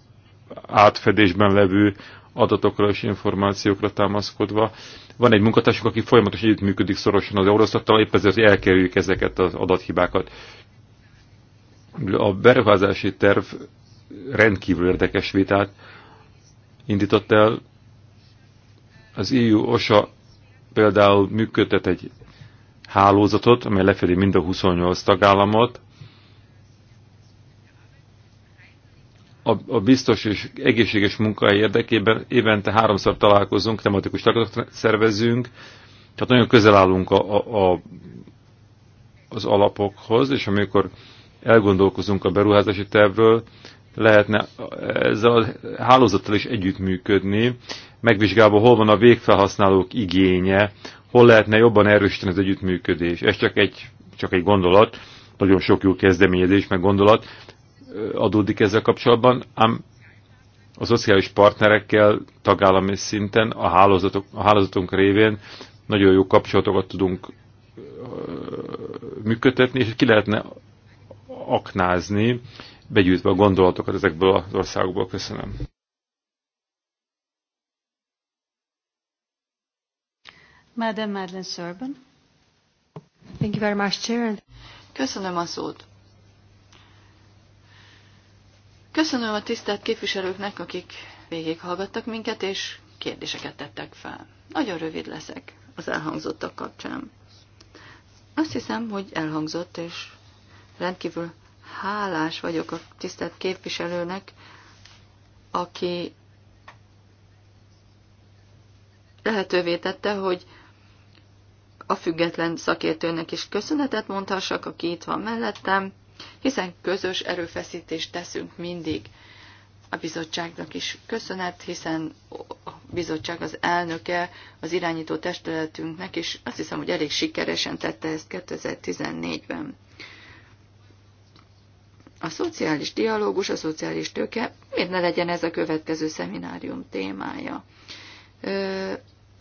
átfedésben levő adatokra és információkra támaszkodva. Van egy munkatársunk, aki folyamatosan együttműködik szorosan az Eurostattal, épp ezért elkerüljük ezeket az adathibákat. A beruházási terv rendkívül érdekes vitát indított el. Az EU OSA például működtet egy hálózatot, amely lefedi mind a 28 tagállamot, a, a biztos és egészséges munkahely érdekében évente háromszor találkozunk, tematikus tagokat szervezünk, tehát nagyon közel állunk a, a, a, az alapokhoz, és amikor elgondolkozunk a beruházási tervről, lehetne ezzel a hálózattal is együttműködni, megvizsgálva hol van a végfelhasználók igénye, hol lehetne jobban erősíteni az együttműködés. Ez csak egy, csak egy gondolat, nagyon sok jó kezdeményezés, meg gondolat, adódik ezzel kapcsolatban, ám a szociális partnerekkel tagállami szinten a, hálózatok, a hálózatunk révén nagyon jó kapcsolatokat tudunk működtetni, és ki lehetne aknázni, begyűjtve a gondolatokat ezekből az országokból. Köszönöm. Madam Madeleine Sorban. Thank you very much, Chair. Köszönöm a szót. Köszönöm a tisztelt képviselőknek, akik végighallgattak minket, és kérdéseket tettek fel. Nagyon rövid leszek az elhangzottak kapcsán. Azt hiszem, hogy elhangzott, és rendkívül hálás vagyok a tisztelt képviselőnek, aki lehetővé tette, hogy a független szakértőnek is köszönetet mondhassak, aki itt van mellettem, hiszen közös erőfeszítést teszünk mindig. A bizottságnak is köszönet, hiszen a bizottság az elnöke az irányító testületünknek, és azt hiszem, hogy elég sikeresen tette ezt 2014-ben. A szociális dialógus, a szociális tőke, miért ne legyen ez a következő szeminárium témája? Ö,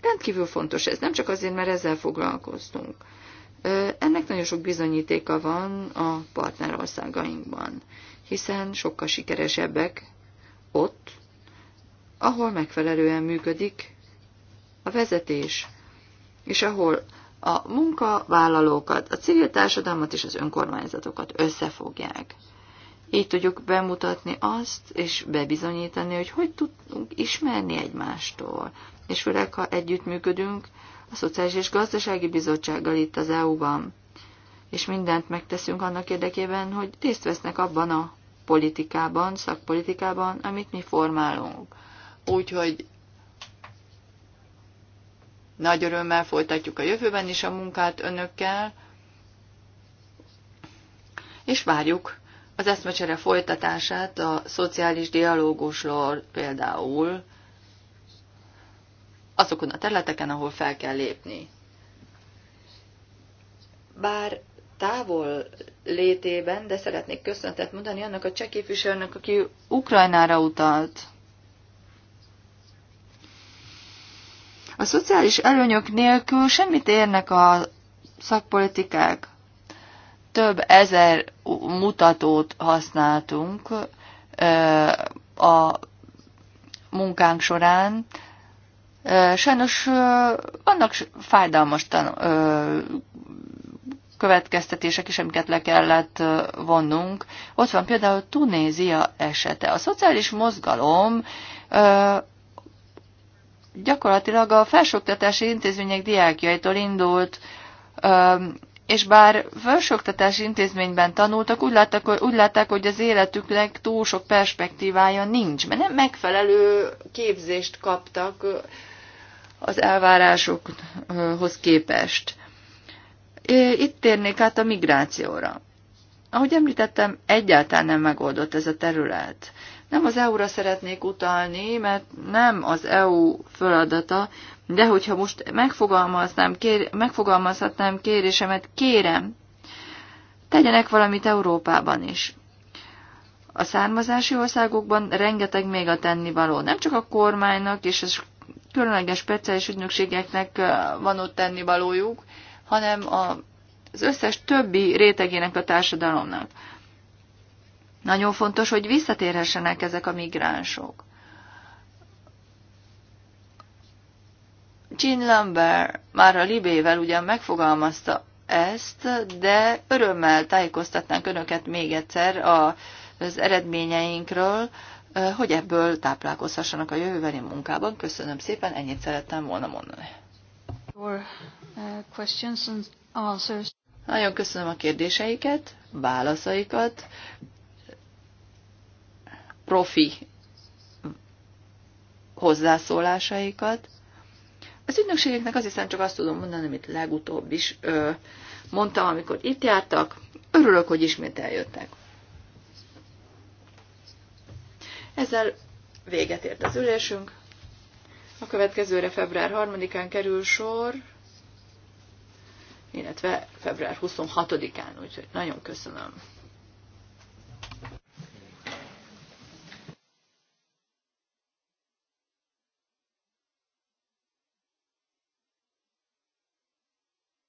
rendkívül fontos ez, nem csak azért, mert ezzel foglalkoztunk. Ennek nagyon sok bizonyítéka van a partnerországainkban, hiszen sokkal sikeresebbek ott, ahol megfelelően működik a vezetés, és ahol a munkavállalókat, a civil társadalmat és az önkormányzatokat összefogják. Így tudjuk bemutatni azt, és bebizonyítani, hogy hogy tudunk ismerni egymástól, és főleg, ha együttműködünk, a Szociális és Gazdasági Bizottsággal itt az EU-ban. És mindent megteszünk annak érdekében, hogy részt vesznek abban a politikában, szakpolitikában, amit mi formálunk. Úgyhogy nagy örömmel folytatjuk a jövőben is a munkát önökkel, és várjuk az eszmecsere folytatását a szociális dialógusról például, azokon a területeken, ahol fel kell lépni. Bár távol létében, de szeretnék köszönetet mondani annak a cseh képviselőnek, aki Ukrajnára utalt. A szociális előnyök nélkül semmit érnek a szakpolitikák. Több ezer mutatót használtunk a munkánk során, Sajnos vannak fájdalmas tan következtetések is, amiket le kellett vonnunk. Ott van például Tunézia esete. A szociális mozgalom gyakorlatilag a felsőoktatási intézmények diákjaitól indult, és bár felsőoktatási intézményben tanultak, úgy, láttak, hogy, úgy látták, hogy az életüknek túl sok perspektívája nincs, mert nem megfelelő képzést kaptak az elvárásokhoz képest. Itt térnék át a migrációra. Ahogy említettem, egyáltalán nem megoldott ez a terület. Nem az EU-ra szeretnék utalni, mert nem az EU feladata, de hogyha most megfogalmaznám, kér, megfogalmazhatnám kérésemet, kérem, tegyenek valamit Európában is. A származási országokban rengeteg még a tennivaló, nem csak a kormánynak és a különleges speciális ügynökségeknek van ott tennivalójuk, hanem az összes többi rétegének a társadalomnak. Nagyon fontos, hogy visszatérhessenek ezek a migránsok. Jean Lambert már a libével ugyan megfogalmazta ezt, de örömmel tájékoztatnánk önöket még egyszer az eredményeinkről, hogy ebből táplálkozhassanak a jövőbeni munkában. Köszönöm szépen, ennyit szerettem volna mondani. Your, uh, Nagyon köszönöm a kérdéseiket, válaszaikat. Profi hozzászólásaikat. Az ügynökségeknek azt hiszem csak azt tudom mondani, amit legutóbb is ö, mondtam, amikor itt jártak. Örülök, hogy ismét eljöttek. Ezzel véget ért az ülésünk. A következőre február 3-án kerül sor, illetve február 26-án, úgyhogy nagyon köszönöm.